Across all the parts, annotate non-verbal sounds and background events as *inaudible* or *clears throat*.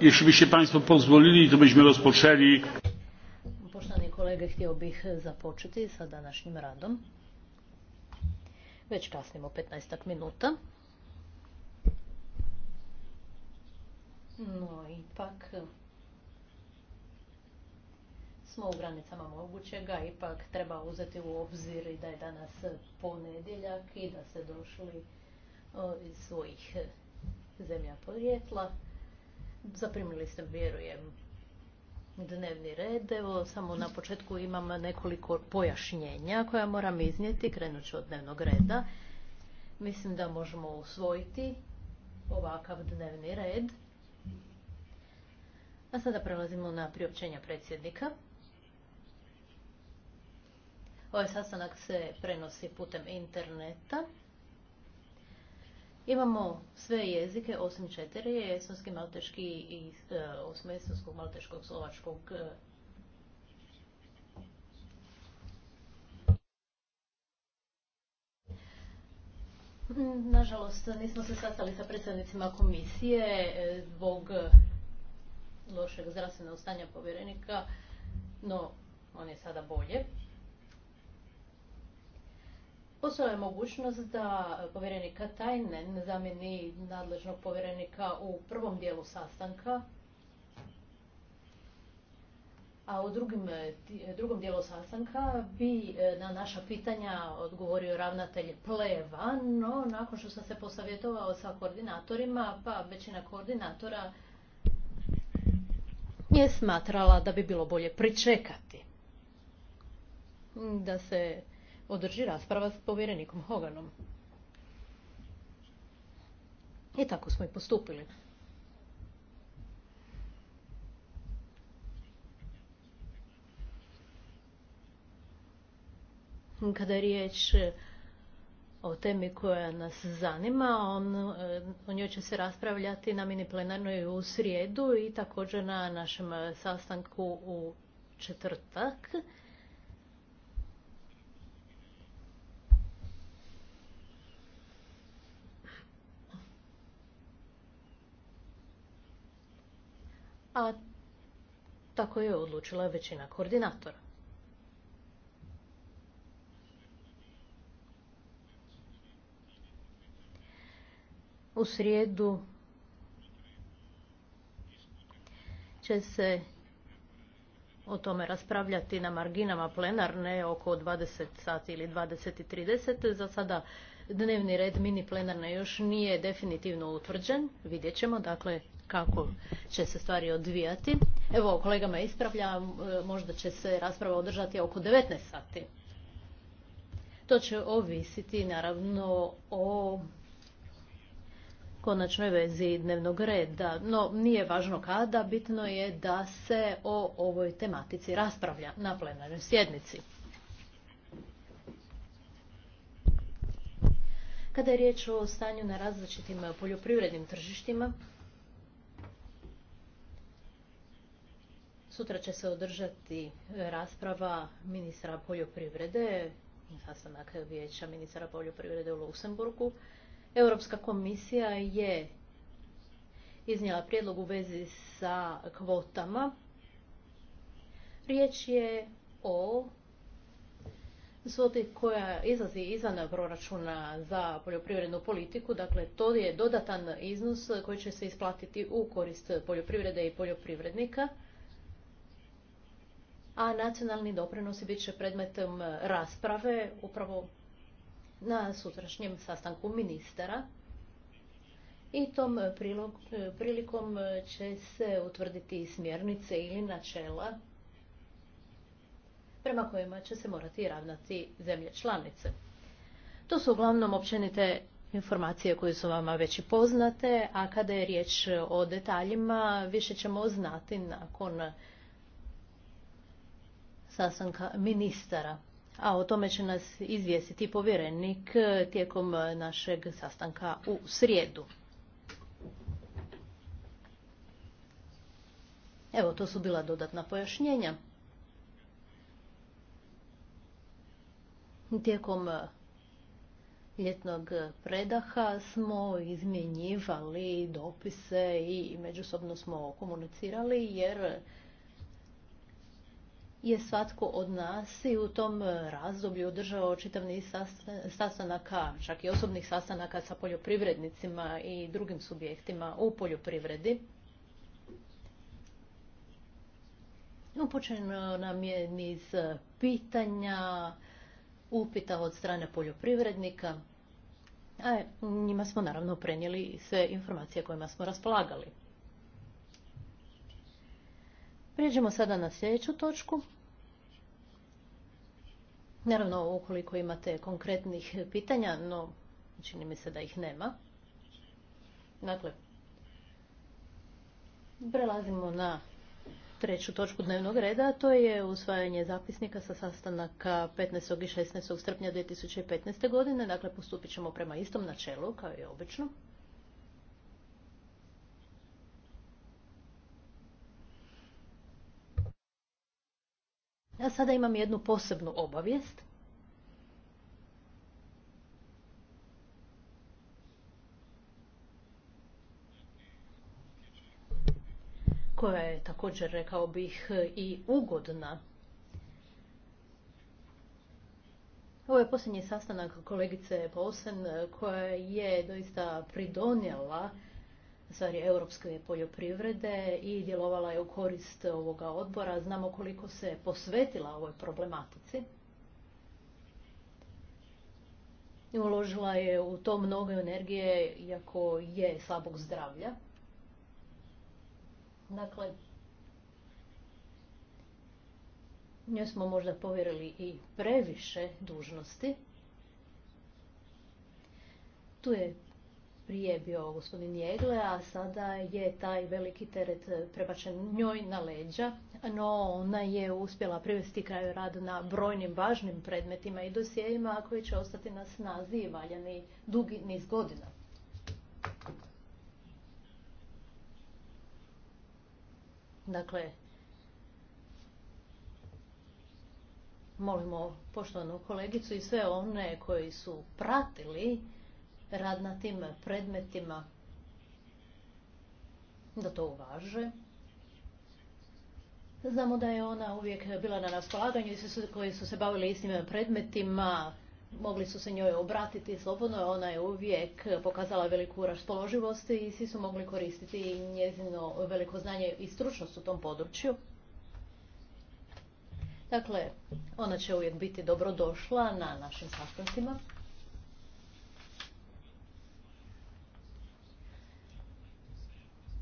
Jeśli byście Państwo pozwolili, to rozpoczęli. Poštovani kolege, htio bih započeti sa današnjim radom. Već kasnimo 15 minuta. No, ipak smo u granicama mogućega, ipak treba uzeti u obzir i da je danas ponedjeljak i da se došli iz svojih zemlja podrijetla. Zaprimili ste, vjerujem, dnevni red. Evo, samo na početku imam nekoliko pojašnjenja koja moram iznijeti. Krenut ću od dnevnog reda. Mislim da možemo usvojiti ovakav dnevni red. A sada prelazimo na priopćenja predsjednika. Ovaj sastanak se prenosi putem interneta. Imamo sve jezike, osim četiri, jesonski, malteški i e, malteškog, slovačkog. E. Hm, nažalost, nismo se sastali sa predstavnicima komisije e, zbog e, lošeg zdravstvenog stanja povjerenika, no on je sada bolje je mogućnost da povjerenika Tajnen zamjeni nadležnog povjerenika u prvom dijelu sastanka, a u drugom dijelu sastanka bi e, na naša pitanja odgovorio ravnatelj Pleva, no nakon što sam se posavjetovao sa koordinatorima, pa većina koordinatora je smatrala da bi bilo bolje pričekati da se održi rasprava s povjerenikom Hoganom. I tako smo i postupili. Kada je riječ o temi koja nas zanima, on, o njoj će se raspravljati na mini plenarnoj u srijedu i također na našem sastanku u četvrtak. a tako je odlučila većina koordinatora. U srijedu će se o tome raspravljati na marginama plenarne oko 20 sati ili 20.30. Za sada dnevni red mini plenarne još nije definitivno utvrđen. Vidjet ćemo dakle kako će se stvari odvijati. Evo, kolegama me ispravlja, možda će se rasprava održati oko 19 sati. To će ovisiti naravno o konačnoj vezi dnevnog reda, no nije važno kada, bitno je da se o ovoj tematici raspravlja na plenarnoj sjednici. Kada je riječ o stanju na različitim poljoprivrednim tržištima, Sutra će se održati e, rasprava ministra poljoprivrede, sastanak vijeća ministra poljoprivrede u Luksemburgu. Europska komisija je iznijela prijedlog u vezi sa kvotama. Riječ je o svoti koja izlazi izvan proračuna za poljoprivrednu politiku, dakle to je dodatan iznos koji će se isplatiti u korist poljoprivrede i poljoprivrednika a nacionalni doprinosi bit će predmetom e, rasprave upravo na sutrašnjem sastanku ministara. I tom e, e, prilikom će se utvrditi smjernice ili načela prema kojima će se morati ravnati zemlje članice. To su uglavnom općenite informacije koje su vama već i poznate, a kada je riječ o detaljima, više ćemo znati nakon sastanka ministara. A o tome će nas izvijestiti povjerenik e, tijekom e, našeg sastanka u srijedu. Evo, to su bila dodatna pojašnjenja. Tijekom e, ljetnog predaha smo izmjenjivali dopise i međusobno smo komunicirali jer je svatko od nas i u tom e, razdoblju održao čitav niz sastanaka, čak i osobnih sastanaka sa poljoprivrednicima i drugim subjektima u poljoprivredi. Upućeno nam je niz e, pitanja, upita od strane poljoprivrednika, a njima smo naravno prenijeli sve informacije kojima smo raspolagali. Prijeđemo sada na sljedeću točku. Naravno, ukoliko imate konkretnih pitanja, no čini mi se da ih nema. Dakle, prelazimo na treću točku dnevnog reda, a to je usvajanje zapisnika sa sastanaka 15. i 16. srpnja 2015. godine. Dakle, postupit ćemo prema istom načelu, kao i obično. Ja sada imam jednu posebnu obavijest. koja je također, rekao bih, i ugodna. Ovo je posljednji sastanak kolegice Posen koja je doista pridonjela stvari europske poljoprivrede i djelovala je u korist ovoga odbora. Znamo koliko se posvetila ovoj problematici. Uložila je u to mnogo energije, iako je slabog zdravlja. Dakle, njoj smo možda povjerili i previše dužnosti. Tu je prije bio gospodin Jegle, a sada je taj veliki teret prebačen njoj na leđa, no ona je uspjela privesti kraju rad na brojnim važnim predmetima i dosijejima koji će ostati na snazi i valjani dugi niz godina. Dakle, molimo poštovanu kolegicu i sve one koji su pratili rad na tim predmetima, da to uvaže. Znamo da je ona uvijek bila na raspolaganju i svi koji su se bavili istim predmetima mogli su se njoj obratiti slobodno. Ona je uvijek pokazala veliku raspoloživost i svi su mogli koristiti njezino veliko znanje i stručnost u tom području. Dakle, ona će uvijek biti dobrodošla na našim sastancima.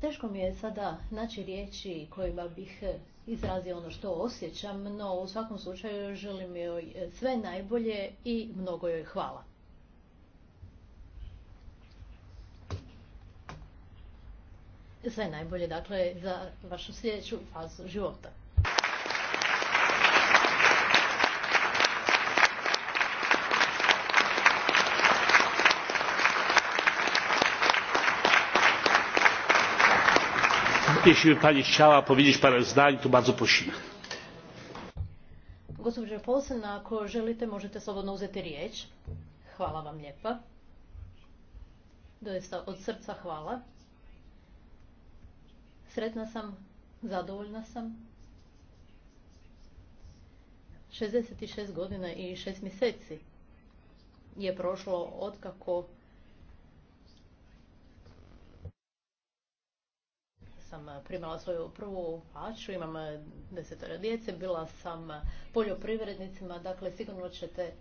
Teško mi je sada naći riječi kojima bih eh, izrazio ono što osjećam, no u svakom slučaju želim joj eh, sve najbolje i mnogo joj hvala. Sve najbolje, dakle, za vašu sljedeću fazu života. jeśli pani chciała powiedzieć parę zdań to bardzo prosimy. Gospođo Polsen, ako želite možete slobodno uzeti riječ. Hvala vam lijepa. Doista od srca hvala. Sretna sam, zadovoljna sam. 66 godina i 6 mjeseci je prošlo otkako sam primala svoju prvu plaću, imam eh, desetoro djece, bila sam eh, poljoprivrednicima, dakle sigurno ćete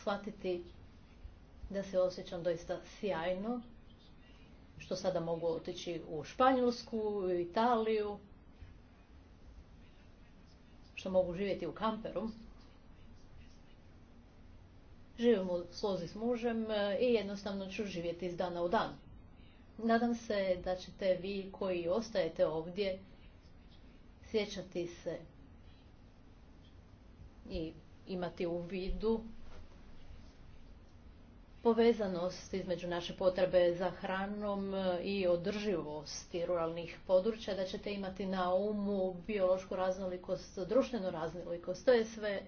shvatiti da se osjećam doista sjajno, što sada mogu otići u Španjolsku, u Italiju, što mogu živjeti u kamperu. Živim u slozi s mužem eh, i jednostavno ću živjeti iz dana u dan. Nadam se da ćete vi koji ostajete ovdje sjećati se i imati u vidu povezanost između naše potrebe za hranom i održivosti ruralnih područja, da ćete imati na umu biološku raznolikost, društvenu raznolikost. To je sve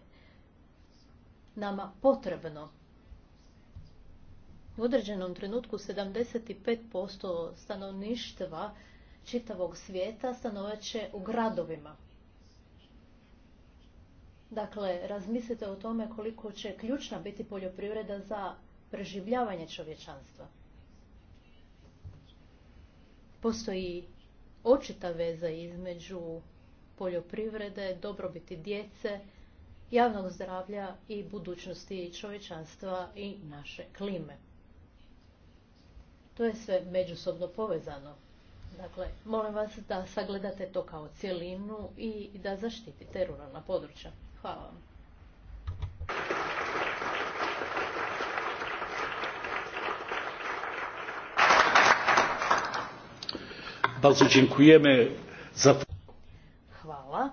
nama potrebno. U određenom trenutku 75% stanovništva čitavog svijeta stanovat će u gradovima. Dakle, razmislite o tome koliko će ključna biti poljoprivreda za preživljavanje čovječanstva. Postoji očita veza između poljoprivrede, dobrobiti djece, javnog zdravlja i budućnosti čovječanstva i naše klime. To je sve međusobno povezano. Dakle, molim vas da sagledate to kao cijelinu i da zaštitite ruralna područja. Hvala vam. za Hvala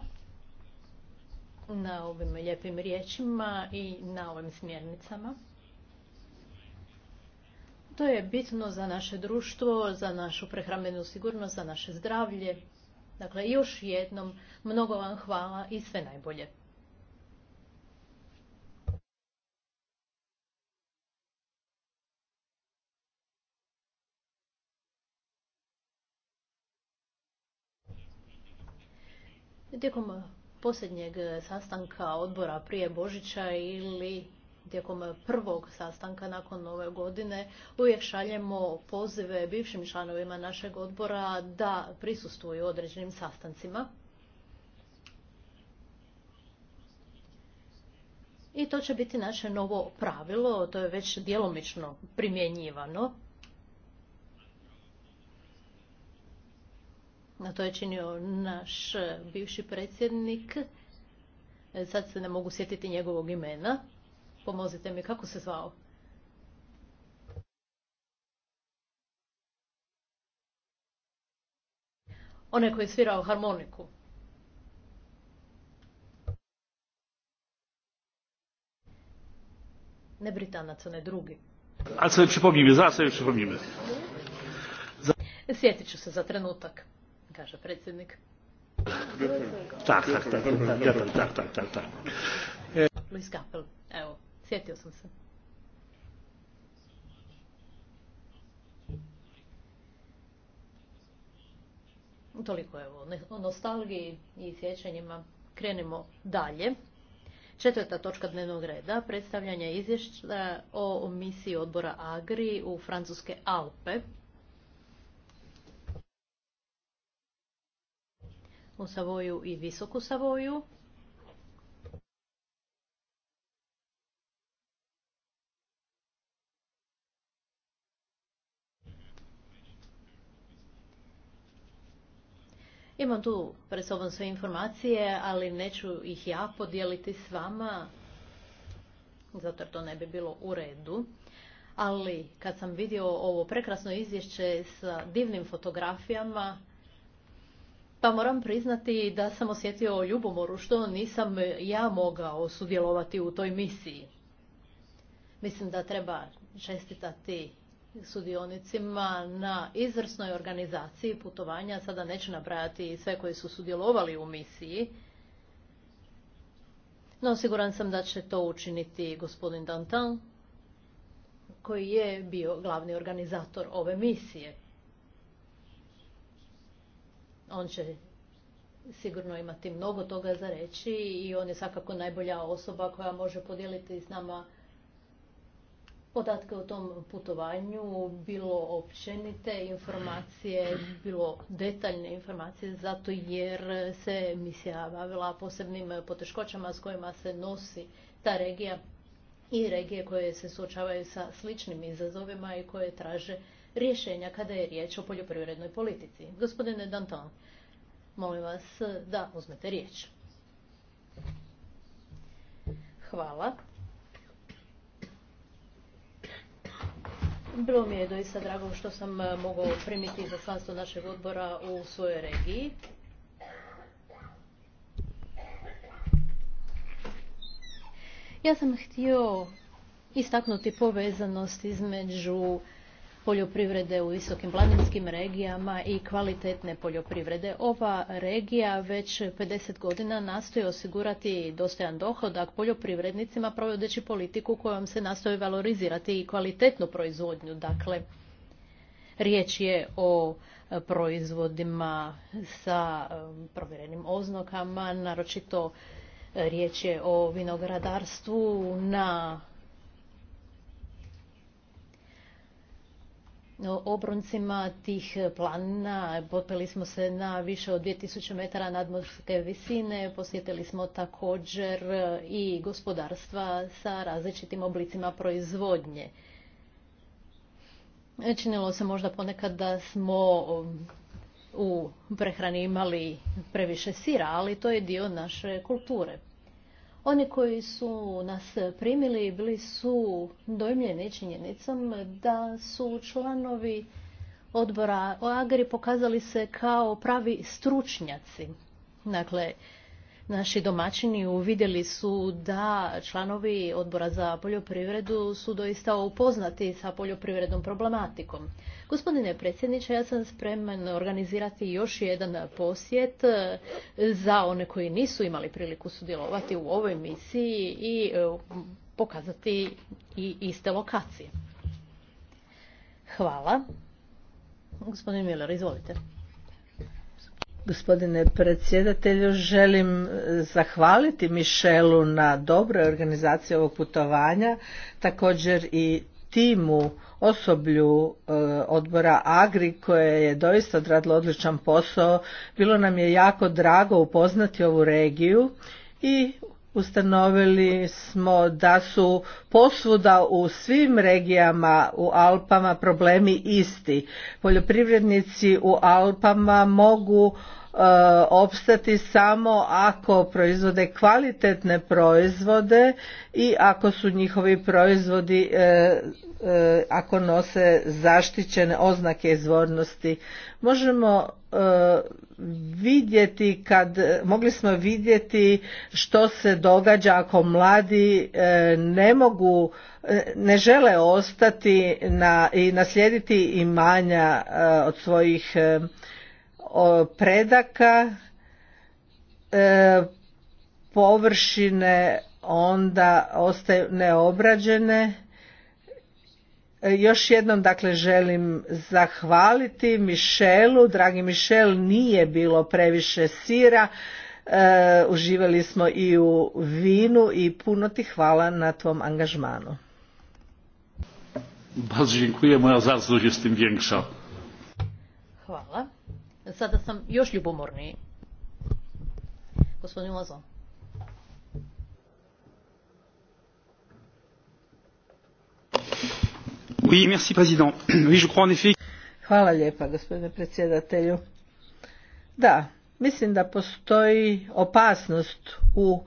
na ovim lijepim riječima i na ovim smjernicama. To je bitno za naše društvo, za našu prehrambenu sigurnost, za naše zdravlje. Dakle, još jednom, mnogo vam hvala i sve najbolje. Tijekom posljednjeg sastanka odbora prije Božića ili tijekom prvog sastanka nakon nove godine uvijek šaljemo pozive bivšim članovima našeg odbora da prisustuju određenim sastancima. I to će biti naše novo pravilo, to je već djelomično primjenjivano. Na to je činio naš bivši predsjednik. Sad se ne mogu sjetiti njegovog imena. Pomozite mi, kako se zvao? Onaj koji je svirao harmoniku. Ne Britanac, onaj drugi. A sve pripomnimo, za sve će Za... Sjetit ću se za trenutak, kaže predsjednik. Tak, tak, tak, tak, tak, tak, tak, tak. Luis Kappel, evo. Sjetio sam se. Toliko evo, o nostalgiji i sjećanjima. Krenimo dalje. Četvrta točka dnevnog reda, predstavljanje izvješća o misiji odbora Agri u Francuske Alpe. U Savoju i Visoku Savoju. Imam tu pred sobom sve informacije, ali neću ih ja podijeliti s vama, zato jer to ne bi bilo u redu. Ali kad sam vidio ovo prekrasno izvješće sa divnim fotografijama, pa moram priznati da sam osjetio ljubomoru što nisam ja mogao sudjelovati u toj misiji. Mislim da treba čestitati sudionicima na izvrsnoj organizaciji putovanja. Sada neću nabrajati sve koji su sudjelovali u misiji. No, siguran sam da će to učiniti gospodin Dantan, koji je bio glavni organizator ove misije. On će sigurno imati mnogo toga za reći i on je svakako najbolja osoba koja može podijeliti s nama podatke o tom putovanju, bilo općenite informacije, bilo detaljne informacije, zato jer se misija bavila posebnim poteškoćama s kojima se nosi ta regija i regije koje se suočavaju sa sličnim izazovima i koje traže rješenja kada je riječ o poljoprivrednoj politici. Gospodine Danton, molim vas da uzmete riječ. Hvala. Bilo mi je doista drago što sam e, mogao primiti izaslanstvo našeg odbora u svojoj regiji. Ja sam htio istaknuti povezanost između poljoprivrede u visokim planinskim regijama i kvalitetne poljoprivrede. Ova regija već 50 godina nastoji osigurati dostojan dohodak poljoprivrednicima provodeći politiku kojom se nastoji valorizirati i kvalitetnu proizvodnju. Dakle, riječ je o proizvodima sa um, provjerenim oznokama, naročito riječ je o vinogradarstvu na obroncima tih plana Popeli smo se na više od 2000 metara nadmorske visine. Posjetili smo također i gospodarstva sa različitim oblicima proizvodnje. Činilo se možda ponekad da smo u prehrani imali previše sira, ali to je dio naše kulture. Oni koji su nas primili bili su dojmljeni činjenicom da su članovi odbora o Agri pokazali se kao pravi stručnjaci. Dakle, Naši domaćini uvidjeli su da članovi odbora za poljoprivredu su doista upoznati sa poljoprivrednom problematikom. Gospodine predsjedniče, ja sam spreman organizirati još jedan posjet za one koji nisu imali priliku sudjelovati u ovoj misiji i e, pokazati i iste lokacije. Hvala. Gospodin Miller, izvolite. Gospodine predsjedatelju, želim e, zahvaliti Mišelu na dobroj organizaciji ovog putovanja, također i timu osoblju e, odbora Agri koje je doista odradilo odličan posao. Bilo nam je jako drago upoznati ovu regiju i ustanovili smo da su posvuda u svim regijama u Alpama problemi isti. Poljoprivrednici u Alpama mogu E, opstati samo ako proizvode kvalitetne proizvode i ako su njihovi proizvodi e, e, ako nose zaštićene oznake izvornosti možemo vidjeti kad mogli smo vidjeti što se događa ako mladi ne mogu ne žele ostati na, i naslijediti imanja od svojih predaka e, površine onda ostaju neobrađene e, još jednom dakle želim zahvaliti Mišelu, dragi Mišel nije bilo previše sira, e, uživali smo i u vinu i puno ti hvala na tvom angažmanu. Bardzo dziękuję, moja jest tym większa. Hvala sada sam još ljubomorniji. Gospodin Lozo. Oui, merci, président. Oui, je crois en effet... Hvala lijepa, gospodine predsjedatelju. Da, mislim da postoji opasnost u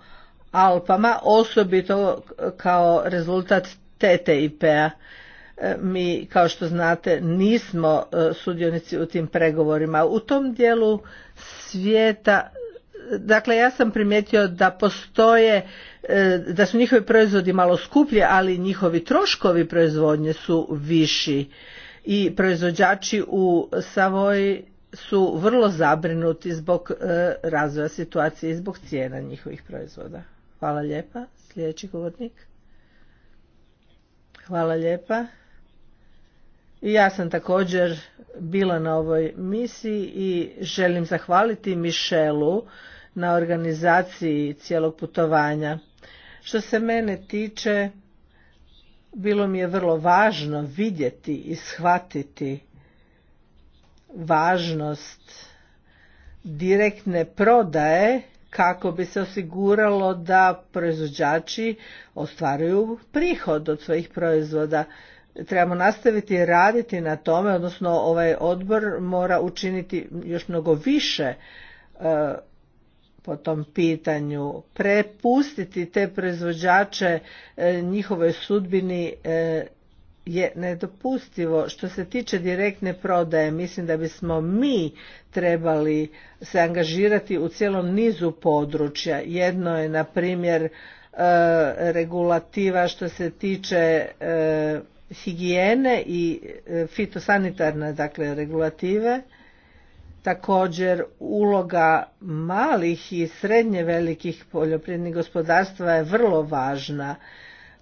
Alpama, osobito kao rezultat TTIP-a. E, mi kao što znate nismo e, sudionici u tim pregovorima u tom dijelu svijeta dakle ja sam primijetio da postoje e, da su njihovi proizvodi malo skuplji ali njihovi troškovi proizvodnje su viši i proizvođači u Savoji su vrlo zabrinuti zbog razvoja situacije i zbog cijena njihovih proizvoda. Hvala lijepa. Sljedeći govornik. Hvala lijepa. Ja sam također bila na ovoj misiji i želim zahvaliti Mišelu na organizaciji cijelog putovanja. Što se mene tiče, bilo mi je vrlo važno vidjeti i shvatiti važnost direktne prodaje kako bi se osiguralo da proizvođači ostvaruju prihod od svojih proizvoda trebamo nastaviti raditi na tome, odnosno ovaj odbor mora učiniti još mnogo više e, po tom pitanju, prepustiti te proizvođače e, njihovoj sudbini e, je nedopustivo. Što se tiče direktne prodaje, mislim da bismo mi trebali se angažirati u cijelom nizu područja. Jedno je, na primjer, regulativa što se tiče higijene i e, fitosanitarne dakle regulative također uloga malih i srednje velikih poljoprivrednih gospodarstva je vrlo važna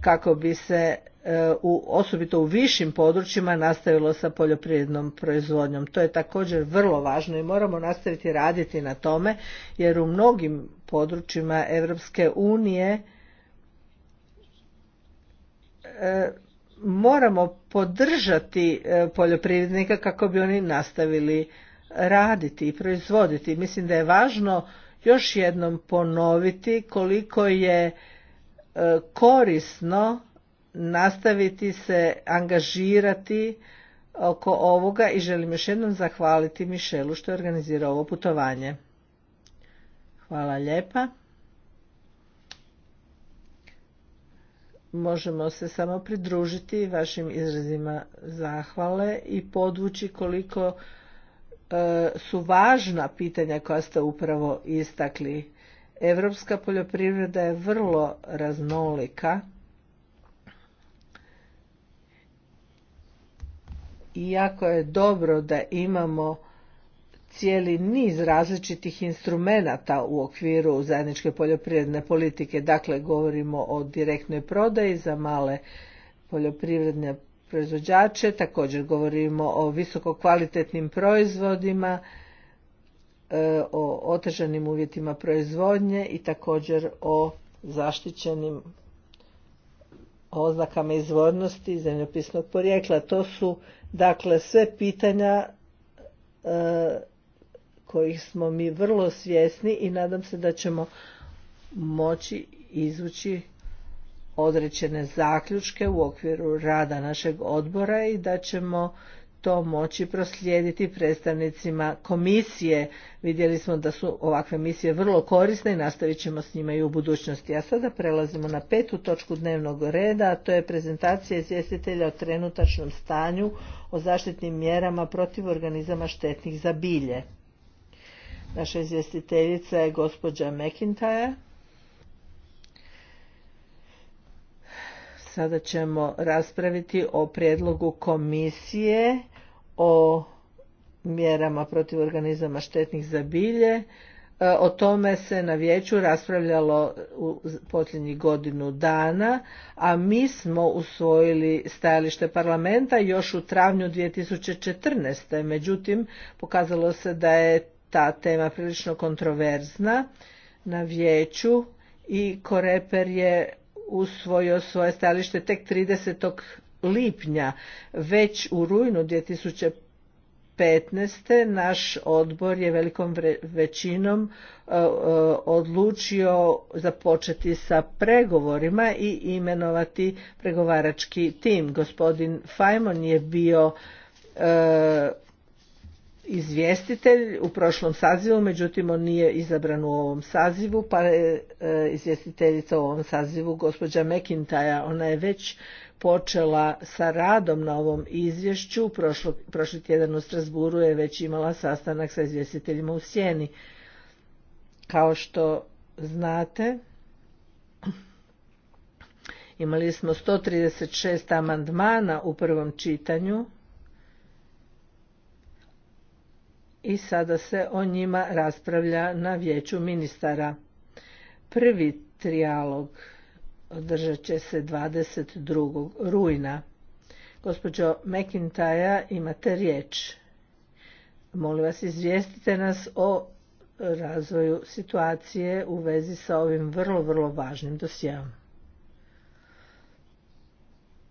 kako bi se e, u, osobito u višim područjima nastavilo sa poljoprivrednom proizvodnjom. To je također vrlo važno i moramo nastaviti raditi na tome jer u mnogim područjima Europske unije e, moramo podržati e, poljoprivrednika kako bi oni nastavili raditi i proizvoditi. Mislim da je važno još jednom ponoviti koliko je e, korisno nastaviti se angažirati oko ovoga i želim još jednom zahvaliti Mišelu što je organizirao ovo putovanje. Hvala lijepa. možemo se samo pridružiti vašim izrazima zahvale i podvući koliko e, su važna pitanja koja ste upravo istakli. Europska poljoprivreda je vrlo raznolika i jako je dobro da imamo cijeli niz različitih instrumenata u okviru zajedničke poljoprivredne politike. Dakle, govorimo o direktnoj prodaji za male poljoprivredne proizvođače, također govorimo o visokokvalitetnim proizvodima, e, o otežanim uvjetima proizvodnje i također o zaštićenim oznakama izvornosti zemljopisnog porijekla. To su dakle sve pitanja e, kojih smo mi vrlo svjesni i nadam se da ćemo moći izvući određene zaključke u okviru rada našeg odbora i da ćemo to moći proslijediti predstavnicima komisije. Vidjeli smo da su ovakve misije vrlo korisne i nastavit ćemo s njima i u budućnosti. A sada prelazimo na petu točku dnevnog reda, a to je prezentacija izvjestitelja o trenutačnom stanju o zaštitnim mjerama protiv organizama štetnih za bilje. Naša izvjestiteljica je gospođa McIntyre. Sada ćemo raspraviti o prijedlogu komisije o mjerama protiv organizama štetnih za bilje. E, o tome se na vijeću raspravljalo u posljednjih godinu dana, a mi smo usvojili stajalište parlamenta još u travnju 2014. Međutim, pokazalo se da je ta tema prilično kontroverzna na vijeću i Koreper je usvojio svoje stajalište tek 30. lipnja. Već u rujnu 2015. naš odbor je velikom većinom e, e, odlučio započeti sa pregovorima i imenovati pregovarački tim. Gospodin Fajmon je bio e, izvjestitelj u prošlom sazivu, međutim on nije izabran u ovom sazivu, pa je e, izvjestiteljica u ovom sazivu gospođa Mekintaja. Ona je već počela sa radom na ovom izvješću, Prošlo, prošli tjedan u Strasburu je već imala sastanak sa izvjestiteljima u Sjeni. Kao što znate, imali smo 136 amandmana u prvom čitanju, i sada se o njima raspravlja na vijeću ministara. Prvi trijalog održat će se 22. rujna. Gospođo McIntyre, imate riječ. Molim vas, izvijestite nas o razvoju situacije u vezi sa ovim vrlo, vrlo važnim dosjevom.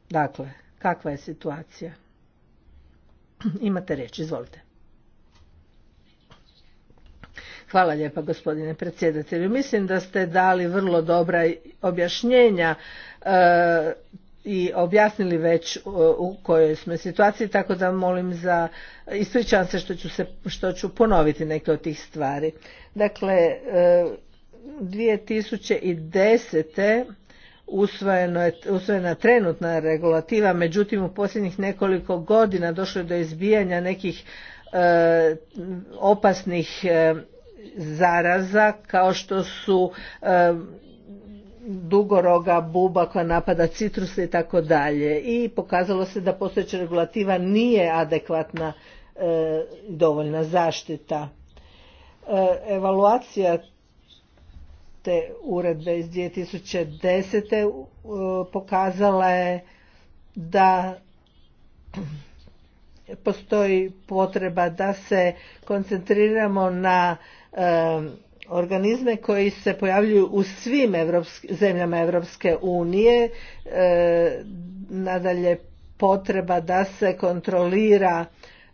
Dakle, kakva je situacija? *clears throat* Imate riječ, izvolite. Hvala lijepa gospodine predsjedatelju. Mislim da ste dali vrlo dobra objašnjenja e, i objasnili već e, u kojoj smo situaciji, tako da molim za, ispričavam se što ću, se, što ponoviti neke od tih stvari. Dakle, 2010. E, usvojena je, trenutna regulativa, međutim u posljednjih nekoliko godina došlo je do izbijanja nekih opasnih zaraza kao što su dugoroga, buba koja napada citruse i tako dalje. I pokazalo se da postojeća regulativa nije adekvatna e, dovoljna zaštita. E, evaluacija te uredbe iz 2010. E, pokazala je da postoji potreba da se koncentriramo na organizme koji se pojavljuju u svim zemljama Europske unije. E, nadalje potreba da se kontrolira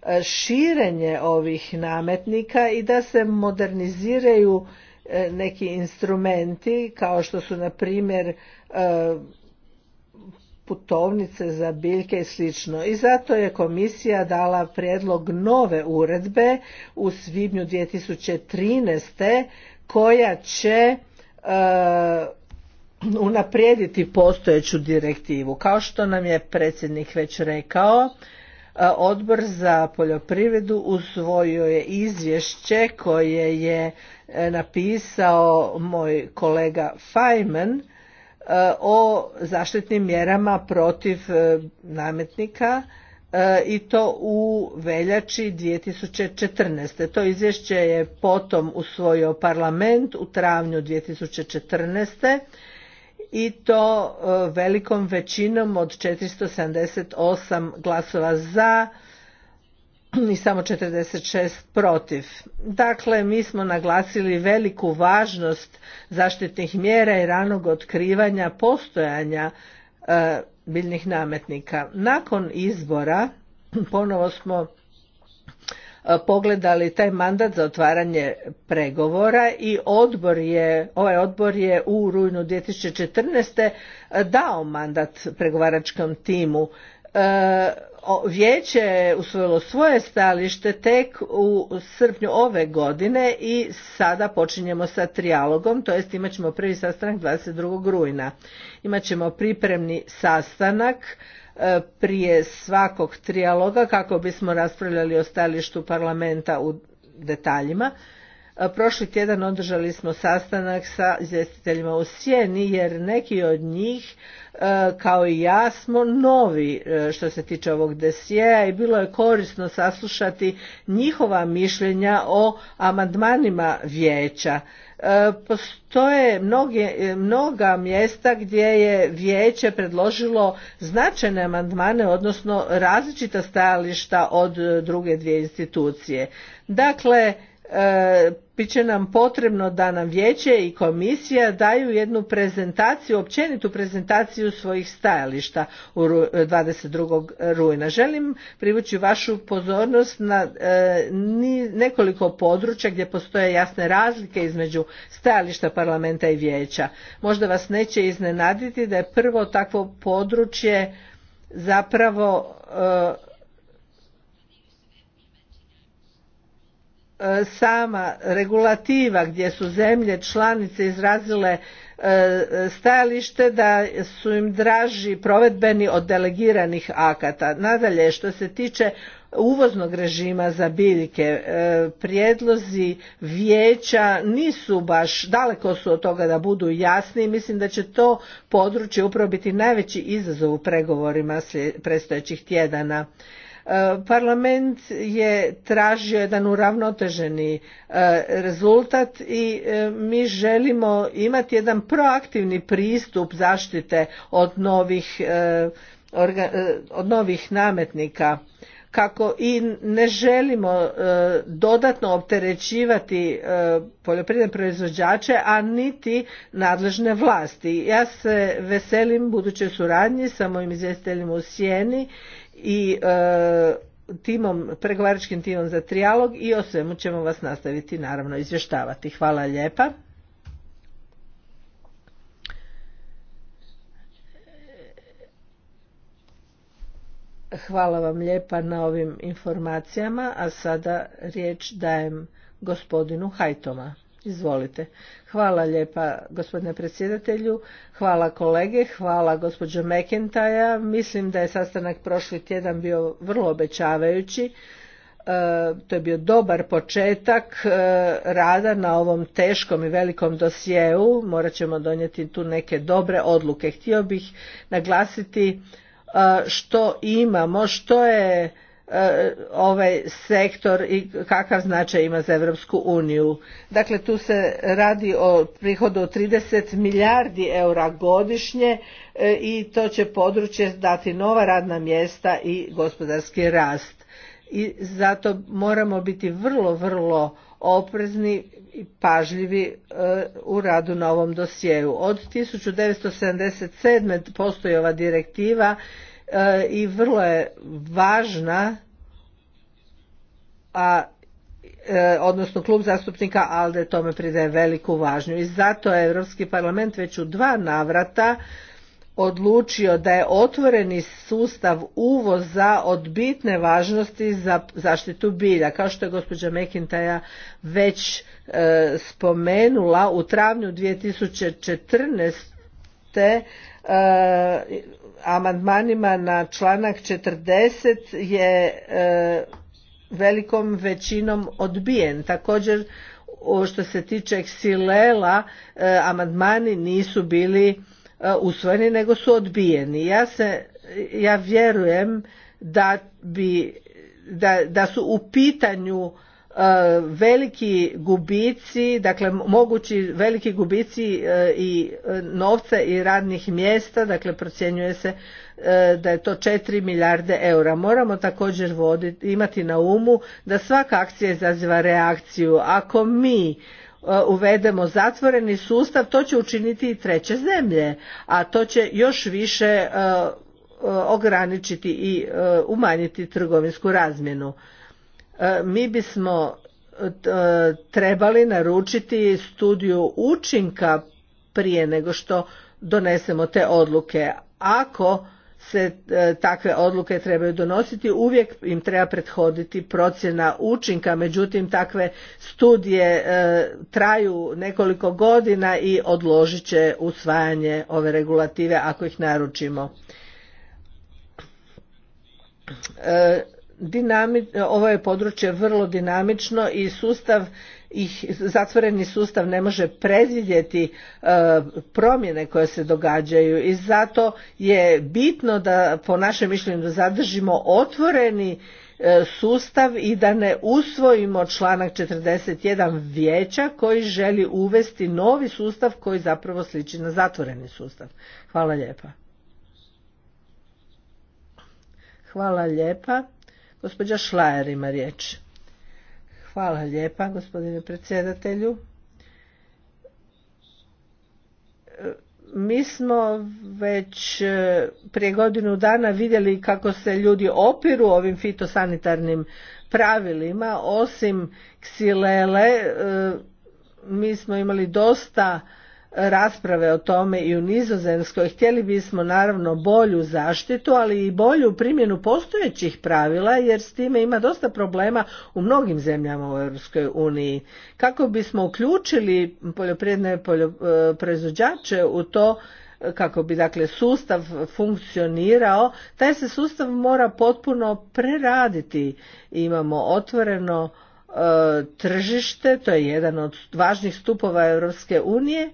e, širenje ovih nametnika i da se moderniziraju e, neki instrumenti kao što su na primjer putovnice za biljke i slično. I zato je komisija dala prijedlog nove uredbe u svibnju 2013. koja će e, unaprijediti postojeću direktivu. Kao što nam je predsjednik već rekao, e, Odbor za poljoprivredu usvojio je izvješće koje je e, napisao moj kolega Feynman E, o zaštitnim mjerama protiv e, nametnika e, i to u veljači 2014. To izvješće je potom usvojio parlament u travnju 2014. i to velikom većinom od 478 glasova za i samo 46 protiv. Dakle, mi smo naglasili veliku važnost zaštitnih mjera i ranog otkrivanja postojanja e, biljnih nametnika. Nakon izbora ponovo smo e, pogledali taj mandat za otvaranje pregovora i odbor je, ovaj odbor je u rujnu 2014. dao mandat pregovaračkom timu. E, Vijeće je usvojilo svoje stajalište tek u srpnju ove godine i sada počinjemo sa trijalogom, to jest imat ćemo prvi sastanak 22. rujna. Imat ćemo pripremni sastanak e, prije svakog trijaloga kako bismo raspravljali o stajalištu parlamenta u detaljima. Prošli tjedan održali smo sastanak sa izvjestiteljima u sjeni jer neki od njih e, kao i ja smo novi e, što se tiče ovog desijeja i bilo je korisno saslušati njihova mišljenja o amandmanima vijeća. E, postoje mnoge, mnoga mjesta gdje je vijeće predložilo značajne amandmane, odnosno različita stajališta od druge dvije institucije. Dakle, E, bit će nam potrebno da nam vijeće i komisija daju jednu prezentaciju, općenitu prezentaciju svojih stajališta u 22. rujna. Želim privući vašu pozornost na e, nekoliko područja gdje postoje jasne razlike između stajališta parlamenta i vijeća. Možda vas neće iznenaditi da je prvo takvo područje zapravo e, E, sama regulativa gdje su zemlje članice izrazile e, stajalište da su im draži provedbeni od delegiranih akata. Nadalje, što se tiče uvoznog režima za biljke, e, prijedlozi vijeća nisu baš, daleko su od toga da budu jasni i mislim da će to područje upravo biti najveći izazov u pregovorima predstojećih tjedana. E, parlament je tražio jedan uravnoteženi e, rezultat i e, mi želimo imati jedan proaktivni pristup zaštite od novih, od novih nametnika kako i ne želimo dodatno opterećivati poljoprivredne proizvođače, a niti nadležne vlasti. Ja se veselim budućoj suradnji sa mojim izvjestiteljima u Sjeni i e, timom, pregovaračkim timom za trijalog i o svemu ćemo vas nastaviti naravno izvještavati. Hvala lijepa. Hvala vam lijepa na ovim informacijama, a sada riječ dajem gospodinu Hajtoma. Izvolite. Hvala lijepa gospodine predsjedatelju, hvala kolege, hvala gospođo Mekentaja. Mislim da je sastanak prošli tjedan bio vrlo obećavajući. E, to je bio dobar početak e, rada na ovom teškom i velikom dosjeu. Morat ćemo donijeti tu neke dobre odluke. Htio bih naglasiti e, što imamo, što je E, ovaj sektor i kakav značaj ima za Europsku uniju. Dakle, tu se radi o prihodu od 30 milijardi eura godišnje e, i to će područje dati nova radna mjesta i gospodarski rast. I zato moramo biti vrlo, vrlo oprezni i pažljivi e, u radu na ovom dosjeju. Od 1977. postoji ova direktiva E, i vrlo je važna a e, odnosno klub zastupnika ALDE tome pridaje veliku važnju i zato je Europski parlament već u dva navrata odlučio da je otvoreni sustav uvoza od bitne važnosti za zaštitu bilja. Kao što je gospođa Mekintaja već e, spomenula, u travnju 2014. E, amandmanima na članak 40 je e, velikom većinom odbijen. Također što se tiče eksilela e, amandmani nisu bili e, usvojeni nego su odbijeni. Ja, se, ja vjerujem da bi da, da su u pitanju E, veliki gubici, dakle mogući veliki gubici e, i e, novca i radnih mjesta, dakle procjenjuje se da je to 4 milijarde eura. Moramo također voditi, imati na umu da svaka akcija izaziva reakciju. Ako mi uvedemo zatvoreni sustav, to će učiniti i treće zemlje, a to će još više ograničiti i umanjiti trgovinsku razmjenu. E, mi bismo e, trebali naručiti studiju učinka prije nego što donesemo te odluke. Ako se e, takve odluke trebaju donositi, uvijek im treba prethoditi procjena učinka, međutim takve studije traju nekoliko godina i odložit će usvajanje ove regulative ako ih naručimo. Dinami, ovo je područje vrlo dinamično i sustav ih zatvoreni sustav ne može predvidjeti e, promjene koje se događaju i zato je bitno da po našem mišljenju zadržimo otvoreni e, sustav i da ne usvojimo članak 41 vijeća koji želi uvesti novi sustav koji zapravo sliči na zatvoreni sustav. Hvala lijepa. Hvala lijepa. Gospođa Šlajer ima riječ. Hvala lijepa gospodine predsjedatelju. Mi smo već e, prije godinu dana vidjeli kako se ljudi opiru ovim fitosanitarnim pravilima. Osim ksilele e, mi smo imali dosta rasprave o tome i u nizozemskoj htjeli bismo naravno bolju zaštitu ali i bolju primjenu postojećih pravila jer s time ima dosta problema u mnogim zemljama u Europskoj uniji kako bismo uključili poljoprivredne e, proizvođače u to kako bi dakle sustav funkcionirao taj se sustav mora potpuno preraditi imamo otvoreno e, tržište to je jedan od važnih stupova Europske unije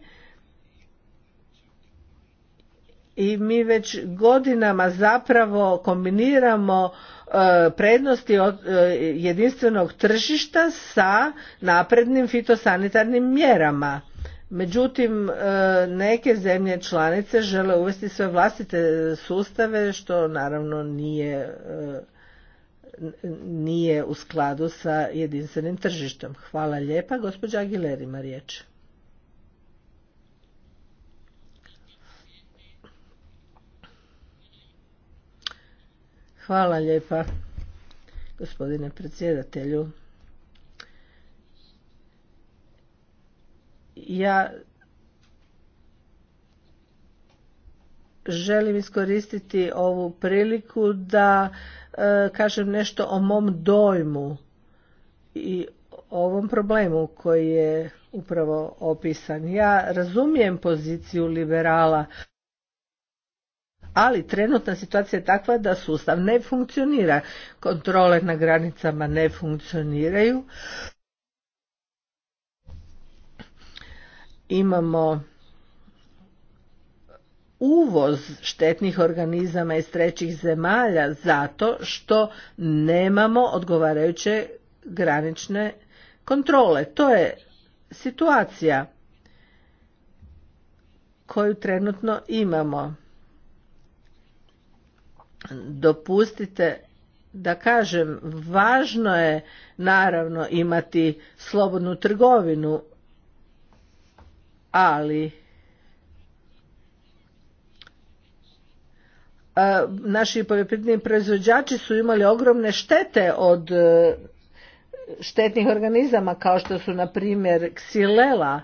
i mi već godinama zapravo kombiniramo e, prednosti od e, jedinstvenog tržišta sa naprednim fitosanitarnim mjerama. Međutim, e, neke zemlje članice žele uvesti svoje vlastite sustave što naravno nije, nije u skladu sa jedinstvenim tržištem. Hvala lijepa. Gospođa Aguilera ima riječ. Hvala lijepa, gospodine predsjedatelju. Ja želim iskoristiti ovu priliku da e, kažem nešto o mom dojmu i ovom problemu koji je upravo opisan. Ja razumijem poziciju liberala ali trenutna situacija je takva da sustav ne funkcionira. Kontrole na granicama ne funkcioniraju. Imamo uvoz štetnih organizama iz trećih zemalja zato što nemamo odgovarajuće granične kontrole. To je situacija koju trenutno imamo dopustite da kažem, važno je naravno imati slobodnu trgovinu, ali naši poljoprivredni proizvođači su imali ogromne štete od e, štetnih organizama kao što su na primjer ksilela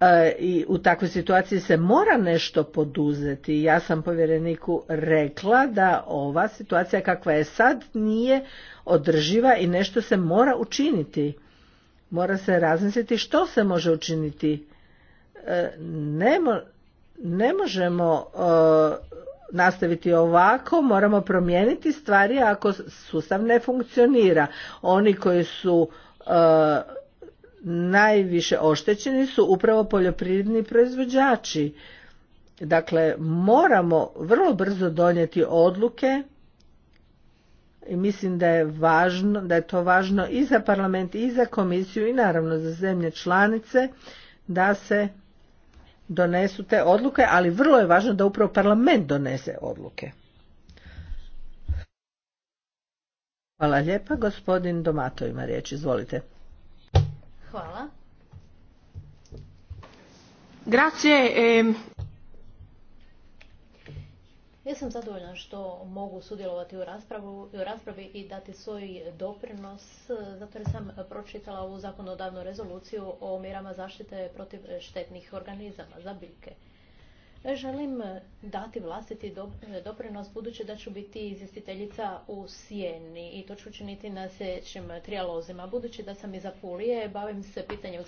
E, i u takvoj situaciji se mora nešto poduzeti. Ja sam povjereniku rekla da ova situacija kakva je sad nije održiva i nešto se mora učiniti. Mora se razmisliti što se može učiniti. E, ne, ne možemo e, nastaviti ovako, moramo promijeniti stvari ako sustav ne funkcionira. Oni koji su najviše oštećeni su upravo poljoprivredni proizvođači. Dakle, moramo vrlo brzo donijeti odluke i mislim da je, važno, da je to važno i za parlament i za komisiju i naravno za zemlje članice da se donesu te odluke, ali vrlo je važno da upravo parlament donese odluke. Hvala lijepa, gospodin Domato ima riječ, izvolite. Hvala. Grazie. Ehm. Ja sam zadovoljna što mogu sudjelovati u, u raspravi i dati svoj doprinos, zato jer sam pročitala ovu zakonodavnu rezoluciju o mjerama zaštite protiv štetnih organizama za biljke. Želim eh, dati vlastiti eh, doprinos budući da ću biti izvjestiteljica u Sijeni i to ću učiniti na sljedećim eh, trijalozima. Budući da sam iz Apulije, bavim se pitanjem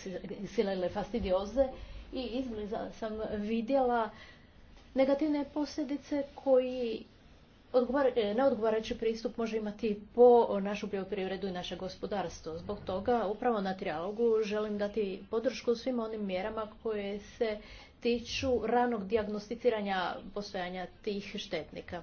silele fastidioze i izbliza sam vidjela negativne posljedice koji neodgovarajući pristup može imati po našu poljoprivredu i naše gospodarstvo. Zbog toga upravo na trijalogu želim dati podršku svim onim mjerama koje se tiču ranog dijagnosticiranja postojanja tih štetnika.